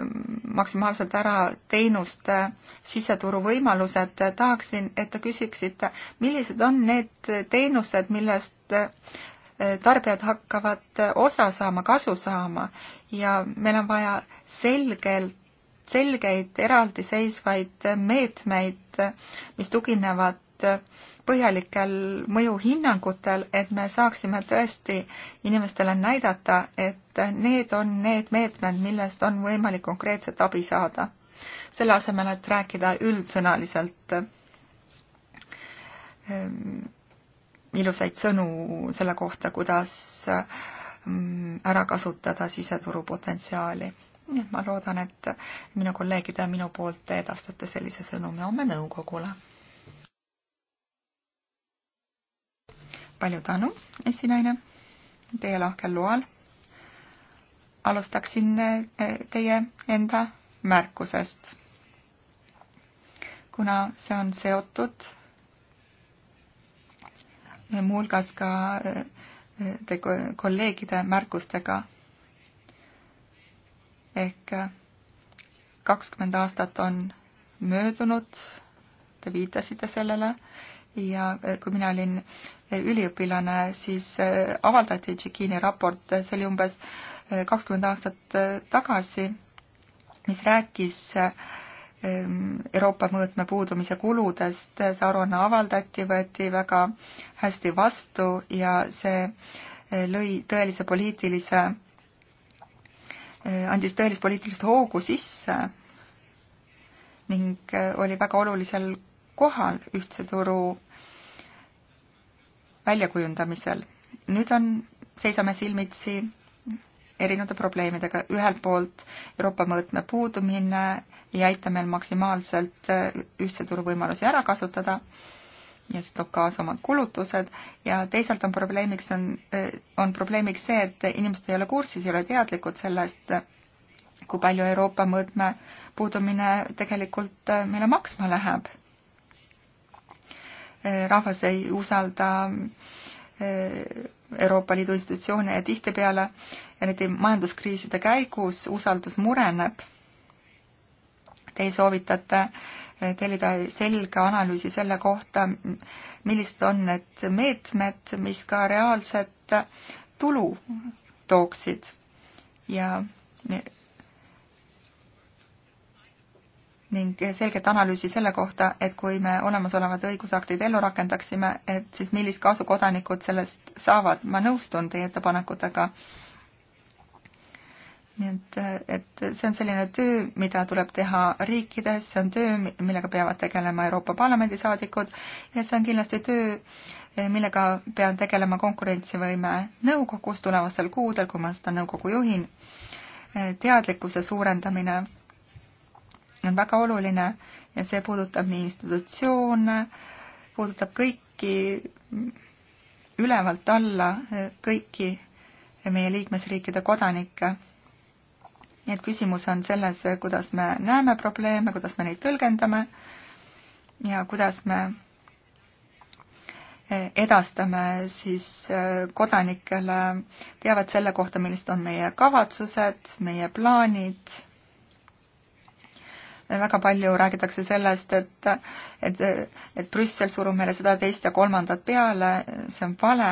maksimaalselt ära teenuste siseturu võimalused, tahaksin, et te küsiksite, millised on need teenused, millest eh, tarbijad hakkavad eh, osa saama, kasu saama ja meil on vaja selgelt selgeid eraldiseisvaid meetmeid, mis tuginevad vaid põhjalikel mõjuhinnangutel, et me saaksime tõesti inimestele näidata, et need on need meetmed, millest on võimalik konkreetset abi saada. selle asemel, et rääkida üldsõnaliselt ehm, ilusaid sõnu selle kohta, kuidas mm, ära kasutada siseturu potentsiaali. nii et ma loodan, et minu kolleegide ja minu poolt te edastate sellise sõnumi homme nõukogule palju tänu, esinaine, teie lahkel loal. alustaksin eh, teie enda märkusest, kuna see on seotud eh, muuhulgas ka eh, te kolleegide märkustega. ehk kakskümmend aastat on möödunud, te viitasite sellele ja eh, kui mina olin eh, üliõpilane, siis eh, avaldati Tšekini raport, see oli umbes kakskümmend aastat tagasi, mis rääkis Euroopa mõõtme puudumise kuludest, see aruanne avaldati, võeti väga hästi vastu ja see lõi tõelise poliitilise, andis tõelist poliitilist hoogu sisse ning oli väga olulisel kohal ühtse turu väljakujundamisel. nüüd on, seisame silmitsi erinevate probleemidega, ühelt poolt Euroopa mõõtme puudumine ei aita meil maksimaalselt ühtse turu võimalusi ära kasutada ja see toob kaasa omad kulutused ja teisalt on probleemiks, on, on probleemiks see, et inimesed ei ole kursis, ei ole teadlikud sellest, kui palju Euroopa mõõtme puudumine tegelikult meile maksma läheb Eh, rahvas ei usalda eh, Euroopa Liidu institutsioone ja tihtipeale ja nende majanduskriiside käigus usaldus mureneb. Teie soovitate eh, tellida selge analüüsi selle kohta, millised on need meetmed, mis ka reaalset tulu tooksid ja ning selget analüüsi selle kohta, et kui me olemasolevad õigusaktid ellu rakendaksime, et siis millist kasu kodanikud sellest saavad. ma nõustun teie ettepanekutega. nii et, et see on selline töö, mida tuleb teha riikides, see on töö, millega peavad tegelema Euroopa Parlamendi saadikud ja see on kindlasti töö, millega pean tegelema konkurentsivõime nõukogus tulevastel kuudel, kui ma seda nõukogu juhin. teadlikkuse suurendamine on väga oluline ja see puudutab nii institutsioone, puudutab kõiki ülevalt alla, kõiki meie liikmesriikide kodanikke. nii et küsimus on selles, kuidas me näeme probleeme, kuidas me neid tõlgendame ja kuidas me edastame siis kodanikele teavet selle kohta, millised on meie kavatsused, meie plaanid väga palju räägitakse sellest, et, et, et Brüssel surub meile seda, teist ja kolmandat peale, see on vale.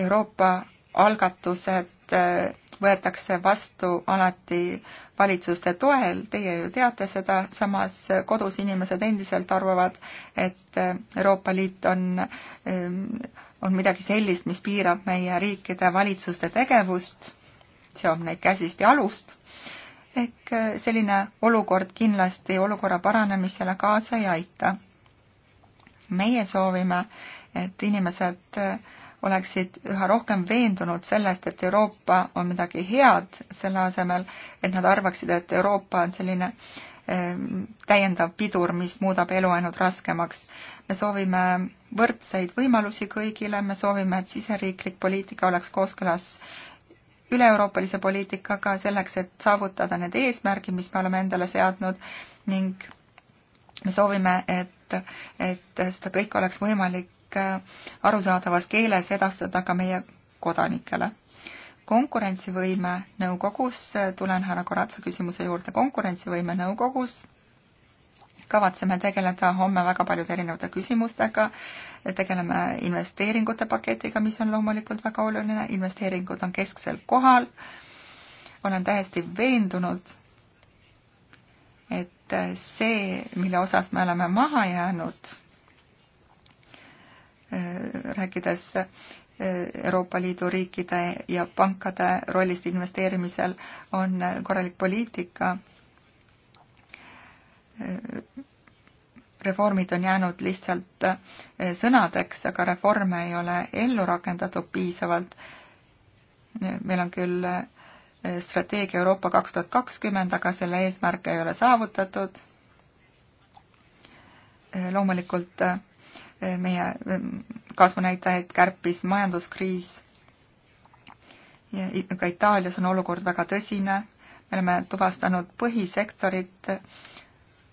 Euroopa algatused võetakse vastu alati valitsuste toel, teie ju teate seda, samas kodus inimesed endiselt arvavad, et Euroopa Liit on, on midagi sellist, mis piirab meie riikide valitsuste tegevust, seob neid käsist ja alust ehk äh, selline olukord kindlasti olukorra paranemisele kaasa ei aita. meie soovime, et inimesed äh, oleksid üha rohkem veendunud sellest, et Euroopa on midagi head, selle asemel, et nad arvaksid, et Euroopa on selline ähm, täiendav pidur, mis muudab elu ainult raskemaks. me soovime võrdseid võimalusi kõigile, me soovime, et siseriiklik poliitika oleks kooskõlas üle-euroopalise poliitikaga selleks, et saavutada need eesmärgid, mis me oleme endale seadnud ning me soovime, et, et seda kõike oleks võimalik äh, arusaadavas keeles edastada ka meie kodanikele. konkurentsivõime nõukogus, äh, tulen härra Koratsa küsimuse juurde, konkurentsivõime nõukogus kavatseme tegeleda homme väga paljude erinevate küsimustega, tegeleme investeeringute paketiga, mis on loomulikult väga oluline, investeeringud on kesksel kohal, olen täiesti veendunud, et see, mille osas me oleme maha jäänud, rääkides Euroopa Liidu riikide ja pankade rollist investeerimisel, on korralik poliitika reformid on jäänud lihtsalt eh, sõnadeks, aga reforme ei ole ellu rakendatud piisavalt. meil on küll eh, strateegia Euroopa kaks tuhat kakskümmend, aga selle eesmärke ei ole saavutatud. Eh, loomulikult meie kasvunäitajaid kärpis majanduskriis. ka Itaalias on olukord väga tõsine. me oleme tuvastanud põhisektorid,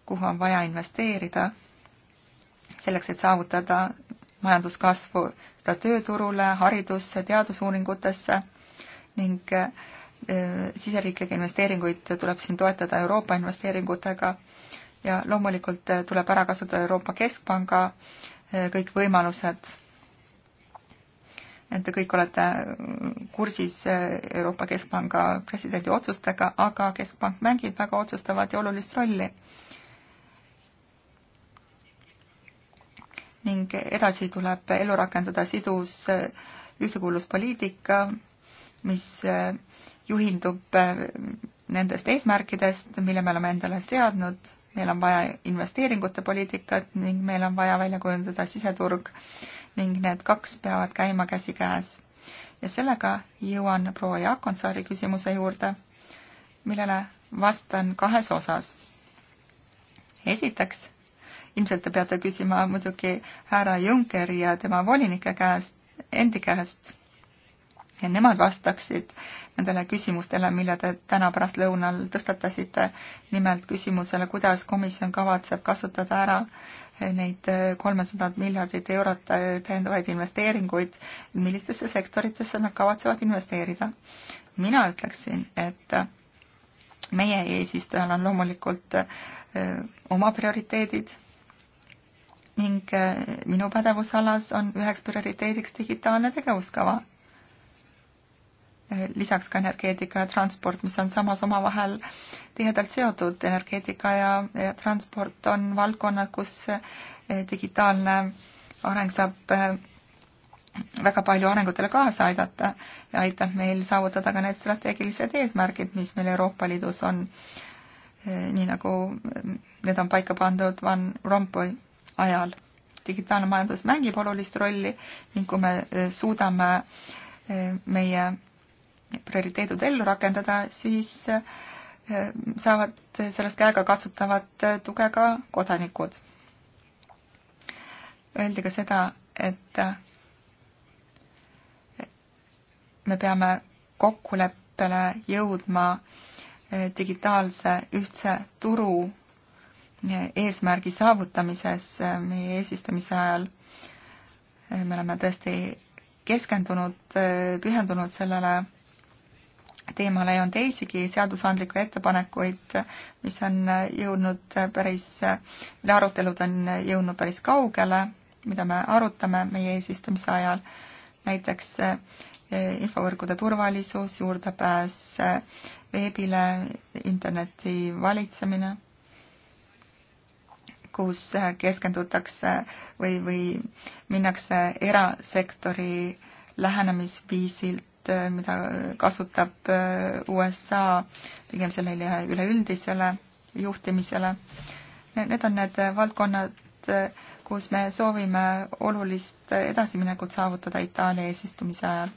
kuhu on vaja investeerida selleks, et saavutada majanduskasvu, seda tööturule, haridusse, teadusuuringutesse ning äh, siseriiklikke investeeringuid tuleb siin toetada Euroopa investeeringutega ja loomulikult äh, tuleb ära kasutada Euroopa Keskpanga äh, kõik võimalused. et te kõik olete kursis Euroopa Keskpanga presidendi otsustega, aga Keskpank mängib väga otsustavat ja olulist rolli ning edasi tuleb ellu rakendada sidus eh, ühtekuuluvuspoliitika, mis eh, juhindub eh, nendest eesmärkidest, mille me oleme endale seadnud, meil on vaja investeeringute poliitikat ning meil on vaja välja kujundada siseturg ning need kaks peavad käima käsikäes. ja sellega jõuan proua Jaak Onsaari küsimuse juurde, millele vastan kahes osas. esiteks ilmselt te peate küsima muidugi härra Junckeri ja tema volinike käest, endi käest. ja nemad vastaksid nendele küsimustele, mille te täna pärastlõunal tõstatasite. nimelt küsimusele, kuidas komisjon kavatseb kasutada ära neid kolmesadat miljardit eurot täiendavaid investeeringuid, millistesse sektoritesse nad kavatsevad investeerida. mina ütleksin, et meie eesistujal on loomulikult eh, oma prioriteedid ning eh, minu pädevusalas on üheks prioriteediks digitaalne tegevuskava. Eh, lisaks ka energeetika ja transport, mis on samas omavahel tihedalt seotud. energeetika ja, ja transport on valdkonnad, kus eh, digitaalne areng saab väga palju arengutele kaasa aidata ja aitab meil saavutada ka need strateegilised eesmärgid, mis meil Euroopa Liidus on. nii nagu need on paika pandud Van Rompuy ajal. digitaalne majandus mängib olulist rolli ning kui me eh, suudame eh, meie prioriteedid ellu rakendada, siis eh, saavad sellest käega katsutavat tuge ka kodanikud. Öeldi ka seda, et me peame kokkuleppele jõudma digitaalse ühtse turu eesmärgi saavutamises äh, meie eesistumise ajal. Äh, me oleme tõesti keskendunud, äh, pühendunud sellele teemale ja on teisigi seadusandlikke ettepanekuid, mis on jõudnud päris, mille arutelud on jõudnud päris kaugele, mida me arutame meie eesistumise ajal. näiteks infovõrgude turvalisus, juurdepääs veebile, interneti valitsemine kus keskendutakse või, või minnakse erasektori lähenemisviisilt, mida kasutab äh, USA pigem sellele üleüldisele juhtimisele. Need on need valdkonnad, kus me soovime olulist edasiminekut saavutada Itaalia eesistumise ajal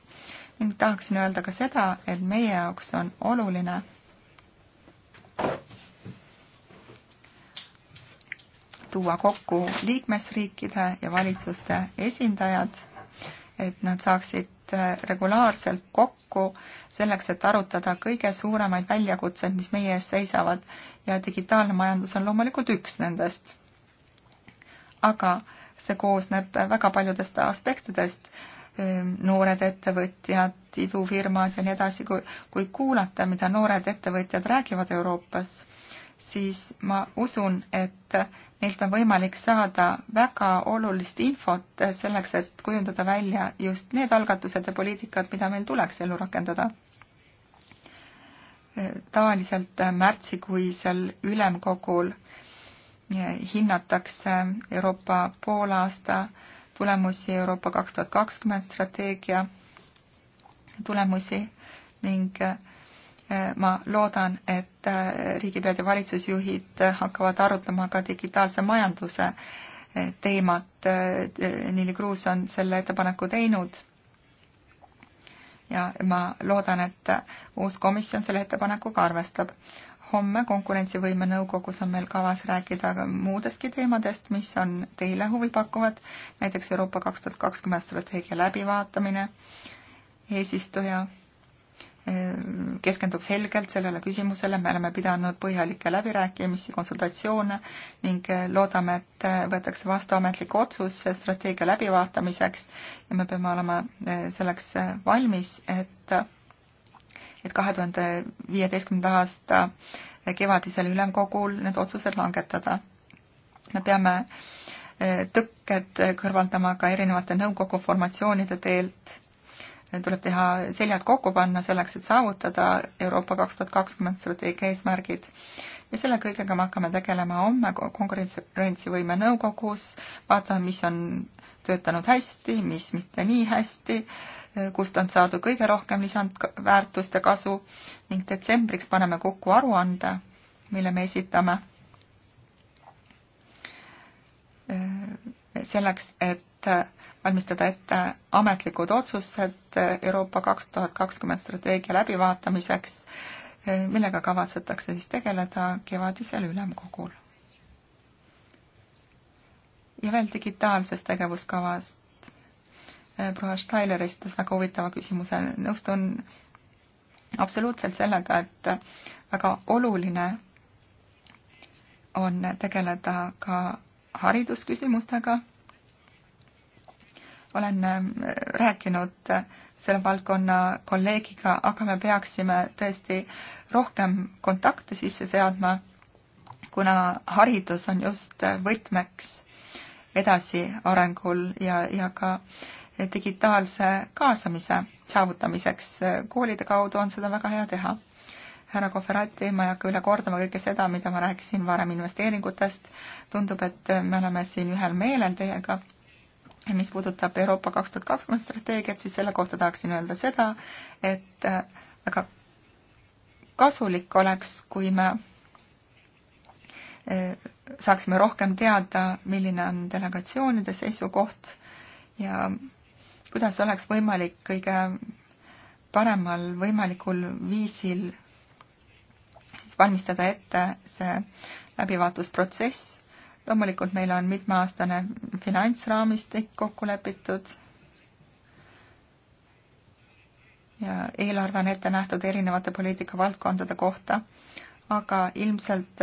ning tahaksin öelda ka seda, et meie jaoks on oluline tuua kokku liikmesriikide ja valitsuste esindajad, et nad saaksid äh, regulaarselt kokku selleks, et arutada kõige suuremaid väljakutseid, mis meie ees seisavad ja digitaalne majandus on loomulikult üks nendest. aga see koosneb väga paljudest aspektidest, ehm, noored ettevõtjad, idufirmad ja nii edasi, kui, kui kuulata, mida noored ettevõtjad räägivad Euroopas siis ma usun, et neilt on võimalik saada väga olulist infot selleks, et kujundada välja just need algatused ja poliitikad, mida meil tuleks ellu rakendada. tavaliselt märtsikuisel ülemkogul hinnatakse Euroopa poolaasta tulemusi, Euroopa kaks tuhat kakskümmend strateegia tulemusi ning äh, ma loodan, et äh, riigipead ja valitsusjuhid hakkavad arutama ka digitaalse majanduse äh, teemat. Äh, Nili Kruus on selle ettepaneku teinud. ja ma loodan, et uus komisjon selle ettepanekuga arvestab. homme Konkurentsivõime nõukogus on meil kavas rääkida ka muudestki teemadest, mis on teile huvipakkuvad, näiteks Euroopa kaks tuhat kakskümmend strateegia läbivaatamine, eesistuja keskendub selgelt sellele küsimusele, me oleme pidanud põhjalikke läbirääkimisi, konsultatsioone ning loodame, et võetakse vastu ametlik otsus strateegia läbivaatamiseks ja me peame olema eh, selleks valmis, et et kahe tuhande viieteistkümnenda aasta kevadisel ülemkogul need otsused langetada. me peame eh, tõkked kõrvaldama ka erinevate nõukogu formatsioonide teelt tuleb teha seljad kokku panna selleks, et saavutada Euroopa kaks tuhat kakskümmend strateegia eesmärgid. ja selle kõigega me hakkame tegelema homme konkurentsivõime nõukogus, vaatame, mis on töötanud hästi, mis mitte nii hästi, kust on saadud kõige rohkem lisandväärtust ja kasu ning detsembriks paneme kokku aruande, mille me esitame eh, selleks, et et valmistada ette ametlikud otsused Euroopa kaks tuhat kakskümmend strateegia läbivaatamiseks, millega kavatsetakse siis tegeleda kevadisel ülemkogul. ja veel digitaalsest tegevuskavast. proua Steiler esitas väga huvitava küsimuse, nõustun absoluutselt sellega, et väga oluline on tegeleda ka haridusküsimustega olen ähm, rääkinud äh, selle valdkonna kolleegiga, aga me peaksime tõesti rohkem kontakte sisse seadma, kuna haridus on just äh, võtmeks edasiarengul ja, ja ka digitaalse kaasamise saavutamiseks. koolide kaudu on seda väga hea teha. härra Kohverati, ma ei hakka üle kordama kõike seda, mida ma rääkisin varem investeeringutest. tundub, et me oleme siin ühel meelel teiega mis puudutab Euroopa kaks tuhat kakskümmend strateegiat, siis selle kohta tahaksin öelda seda, et äh, väga kasulik oleks, kui me äh, saaksime rohkem teada, milline on delegatsioonide seisukoht ja kuidas oleks võimalik kõige paremal võimalikul viisil siis valmistada ette see läbivaatusprotsess loomulikult meil on mitmeaastane finantsraamistik kokku lepitud ja eelarve on ette nähtud erinevate poliitikavaldkondade kohta, aga ilmselt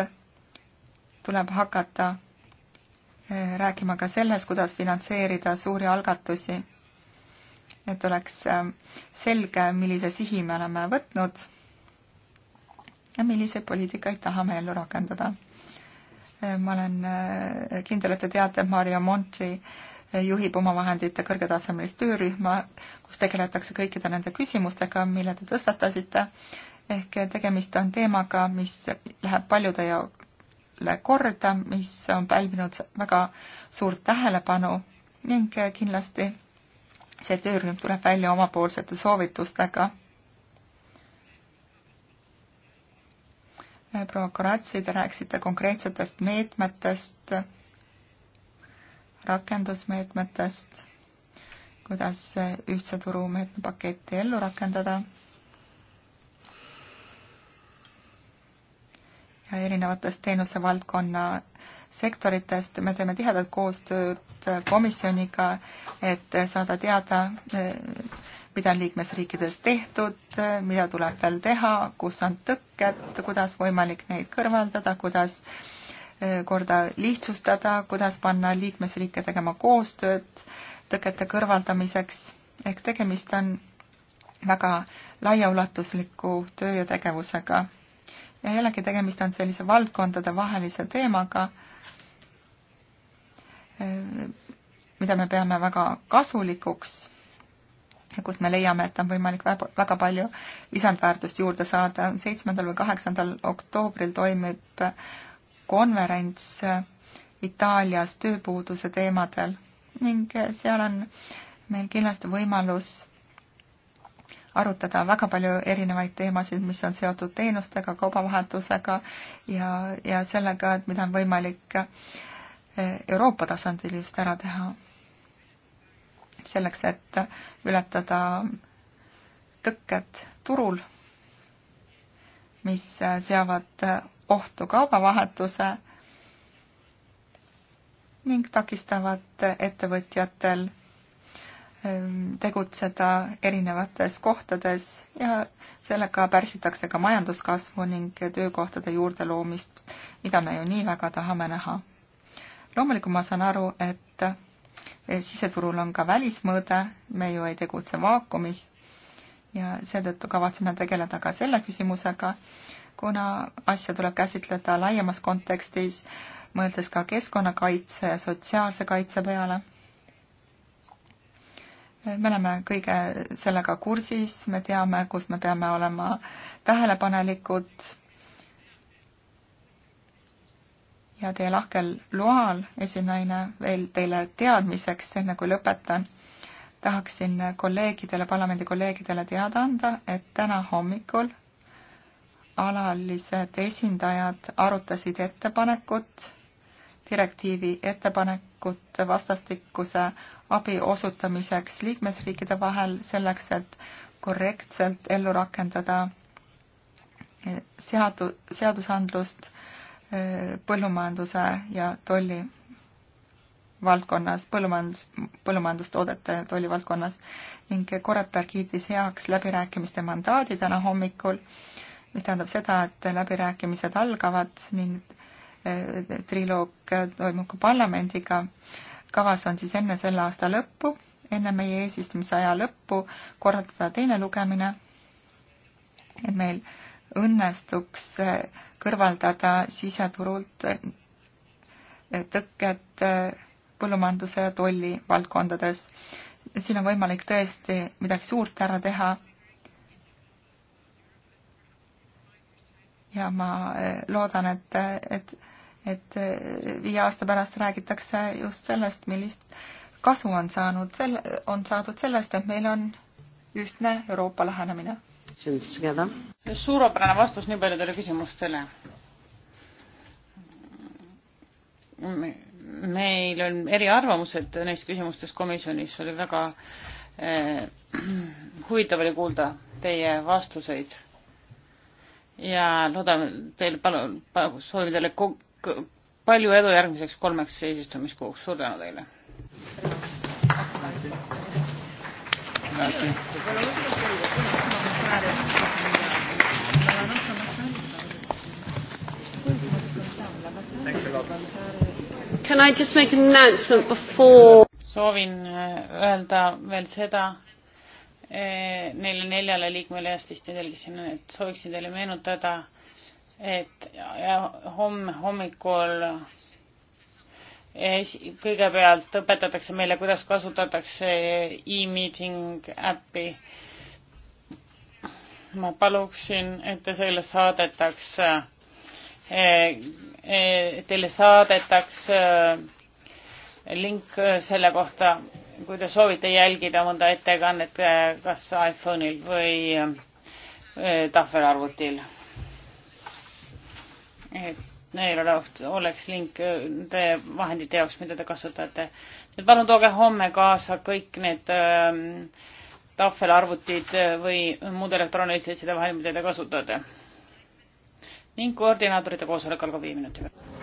tuleb hakata eh, rääkima ka selles, kuidas finantseerida suuri algatusi, et oleks eh, selge, millise sihi me oleme võtnud ja milliseid poliitikaid tahame ellu rakendada ma olen äh, kindel, et te teate, et Mario Monti äh, juhib omavahendite kõrgetasemelist töörühma, kus tegeletakse kõikide nende küsimustega, mille te tõstatasite. ehk äh, tegemist on teemaga, mis läheb paljude jaole korda, mis on pälvinud väga suurt tähelepanu ning kindlasti see töörühm tuleb välja omapoolsete soovitustega proua Koratsi, te rääkisite konkreetsetest meetmetest, rakendusmeetmetest, kuidas ühtse turu meetmepaketti ellu rakendada ja erinevatest teenusevaldkonna sektoritest. me teeme tihedat koostööd komisjoniga, et saada teada mida on liikmesriikides tehtud, mida tuleb veel teha, kus on tõkked, kuidas võimalik neid kõrvaldada, kuidas eh, korda lihtsustada, kuidas panna liikmesriike tegema koostööd tõkete kõrvaldamiseks. ehk tegemist on väga laiaulatusliku töö ja tegevusega. ja jällegi tegemist on sellise valdkondade vahelise teemaga, eh, mida me peame väga kasulikuks kus me leiame, et on võimalik väga palju lisandväärtust juurde saada. seitsmendal või kaheksandal oktoobril toimub konverents Itaalias tööpuuduse teemadel ning seal on meil kindlasti võimalus arutada väga palju erinevaid teemasid, mis on seotud teenustega, kaubavahetusega ja, ja sellega, et mida on võimalik Euroopa tasandil just ära teha selleks, et ületada tõkked turul, mis seavad ohtu kaubavahetuse ning takistavad ettevõtjatel ehm, tegutseda erinevates kohtades ja sellega pärsitakse ka majanduskasvu ning töökohtade juurde loomist, mida me ju nii väga tahame näha. loomulikult ma saan aru, et Eh, siseturul on ka välismõõde, me ju ei tegutse vaakumis ja seetõttu kavatseme tegeleda ka selle küsimusega, kuna asja tuleb käsitleda laiemas kontekstis, mõeldes ka keskkonnakaitse ja sotsiaalse kaitse peale. Eh, me oleme kõige sellega kursis, me teame, kus me peame olema tähelepanelikud ja teie lahkel loal, esinaine, veel teile teadmiseks, enne kui lõpetan, tahaksin kolleegidele, parlamendi kolleegidele teada anda, et täna hommikul alalised esindajad arutasid ettepanekut, direktiivi ettepanekut vastastikuse abi osutamiseks liikmesriikide vahel selleks, et korrektselt ellu rakendada seadu, seadusandlust äh, Eh, põllumajanduse ja tolli valdkonnas, põllumajandus, põllumajandustoodete tolli valdkonnas ning Koreper kiitis heaks läbirääkimiste mandaadi täna hommikul, mis tähendab seda, et läbirääkimised algavad ning eh, triloog toimub ka parlamendiga. kavas on siis enne selle aasta lõppu, enne meie eesistumise aja lõppu korraldada teine lugemine, et meil õnnestuks äh, kõrvaldada siseturult eh, tõkked eh, põllumajanduse ja tolli valdkondades. siin on võimalik tõesti midagi suurt ära teha. ja ma eh, loodan, et, et, et viie aasta pärast räägitakse just sellest, millist kasu on saanud, on saadud sellest, et meil on ühtne Euroopa lähenemine suurepärane vastus nii paljudele küsimustele. meil on eriarvamused neis küsimustes komisjonis, oli väga eh, huvitav oli kuulda teie vastuseid. ja loodan teil, palun, soovin teile palju edu järgmiseks kolmeks eesistumiskuuks, suur tänu teile. Gracias parlamentare. Can I just make an announcement before? soovin äh, öelda veel seda äh, neile neljale liikmele Eestist ja telgisin, et sooviksin teile meenutada, et homme hommikul äh, kõigepealt õpetatakse meile, kuidas kasutatakse e-meeting äppi ma paluksin, et te selle saadetaks, eh, eh, teile saadetaks eh, link selle kohta, kui te soovite jälgida mõnda ettekannet kas iPhone'il või tahvelarvutil. et neil oleks link nende vahendite jaoks, mida te kasutate. nüüd palun tooge homme kaasa kõik need äh, tahvelarvutid äh, või muud elektroonilised sidevahendid, mida te kasutate. ning koordinaatorite koosolek algab viie minutiga.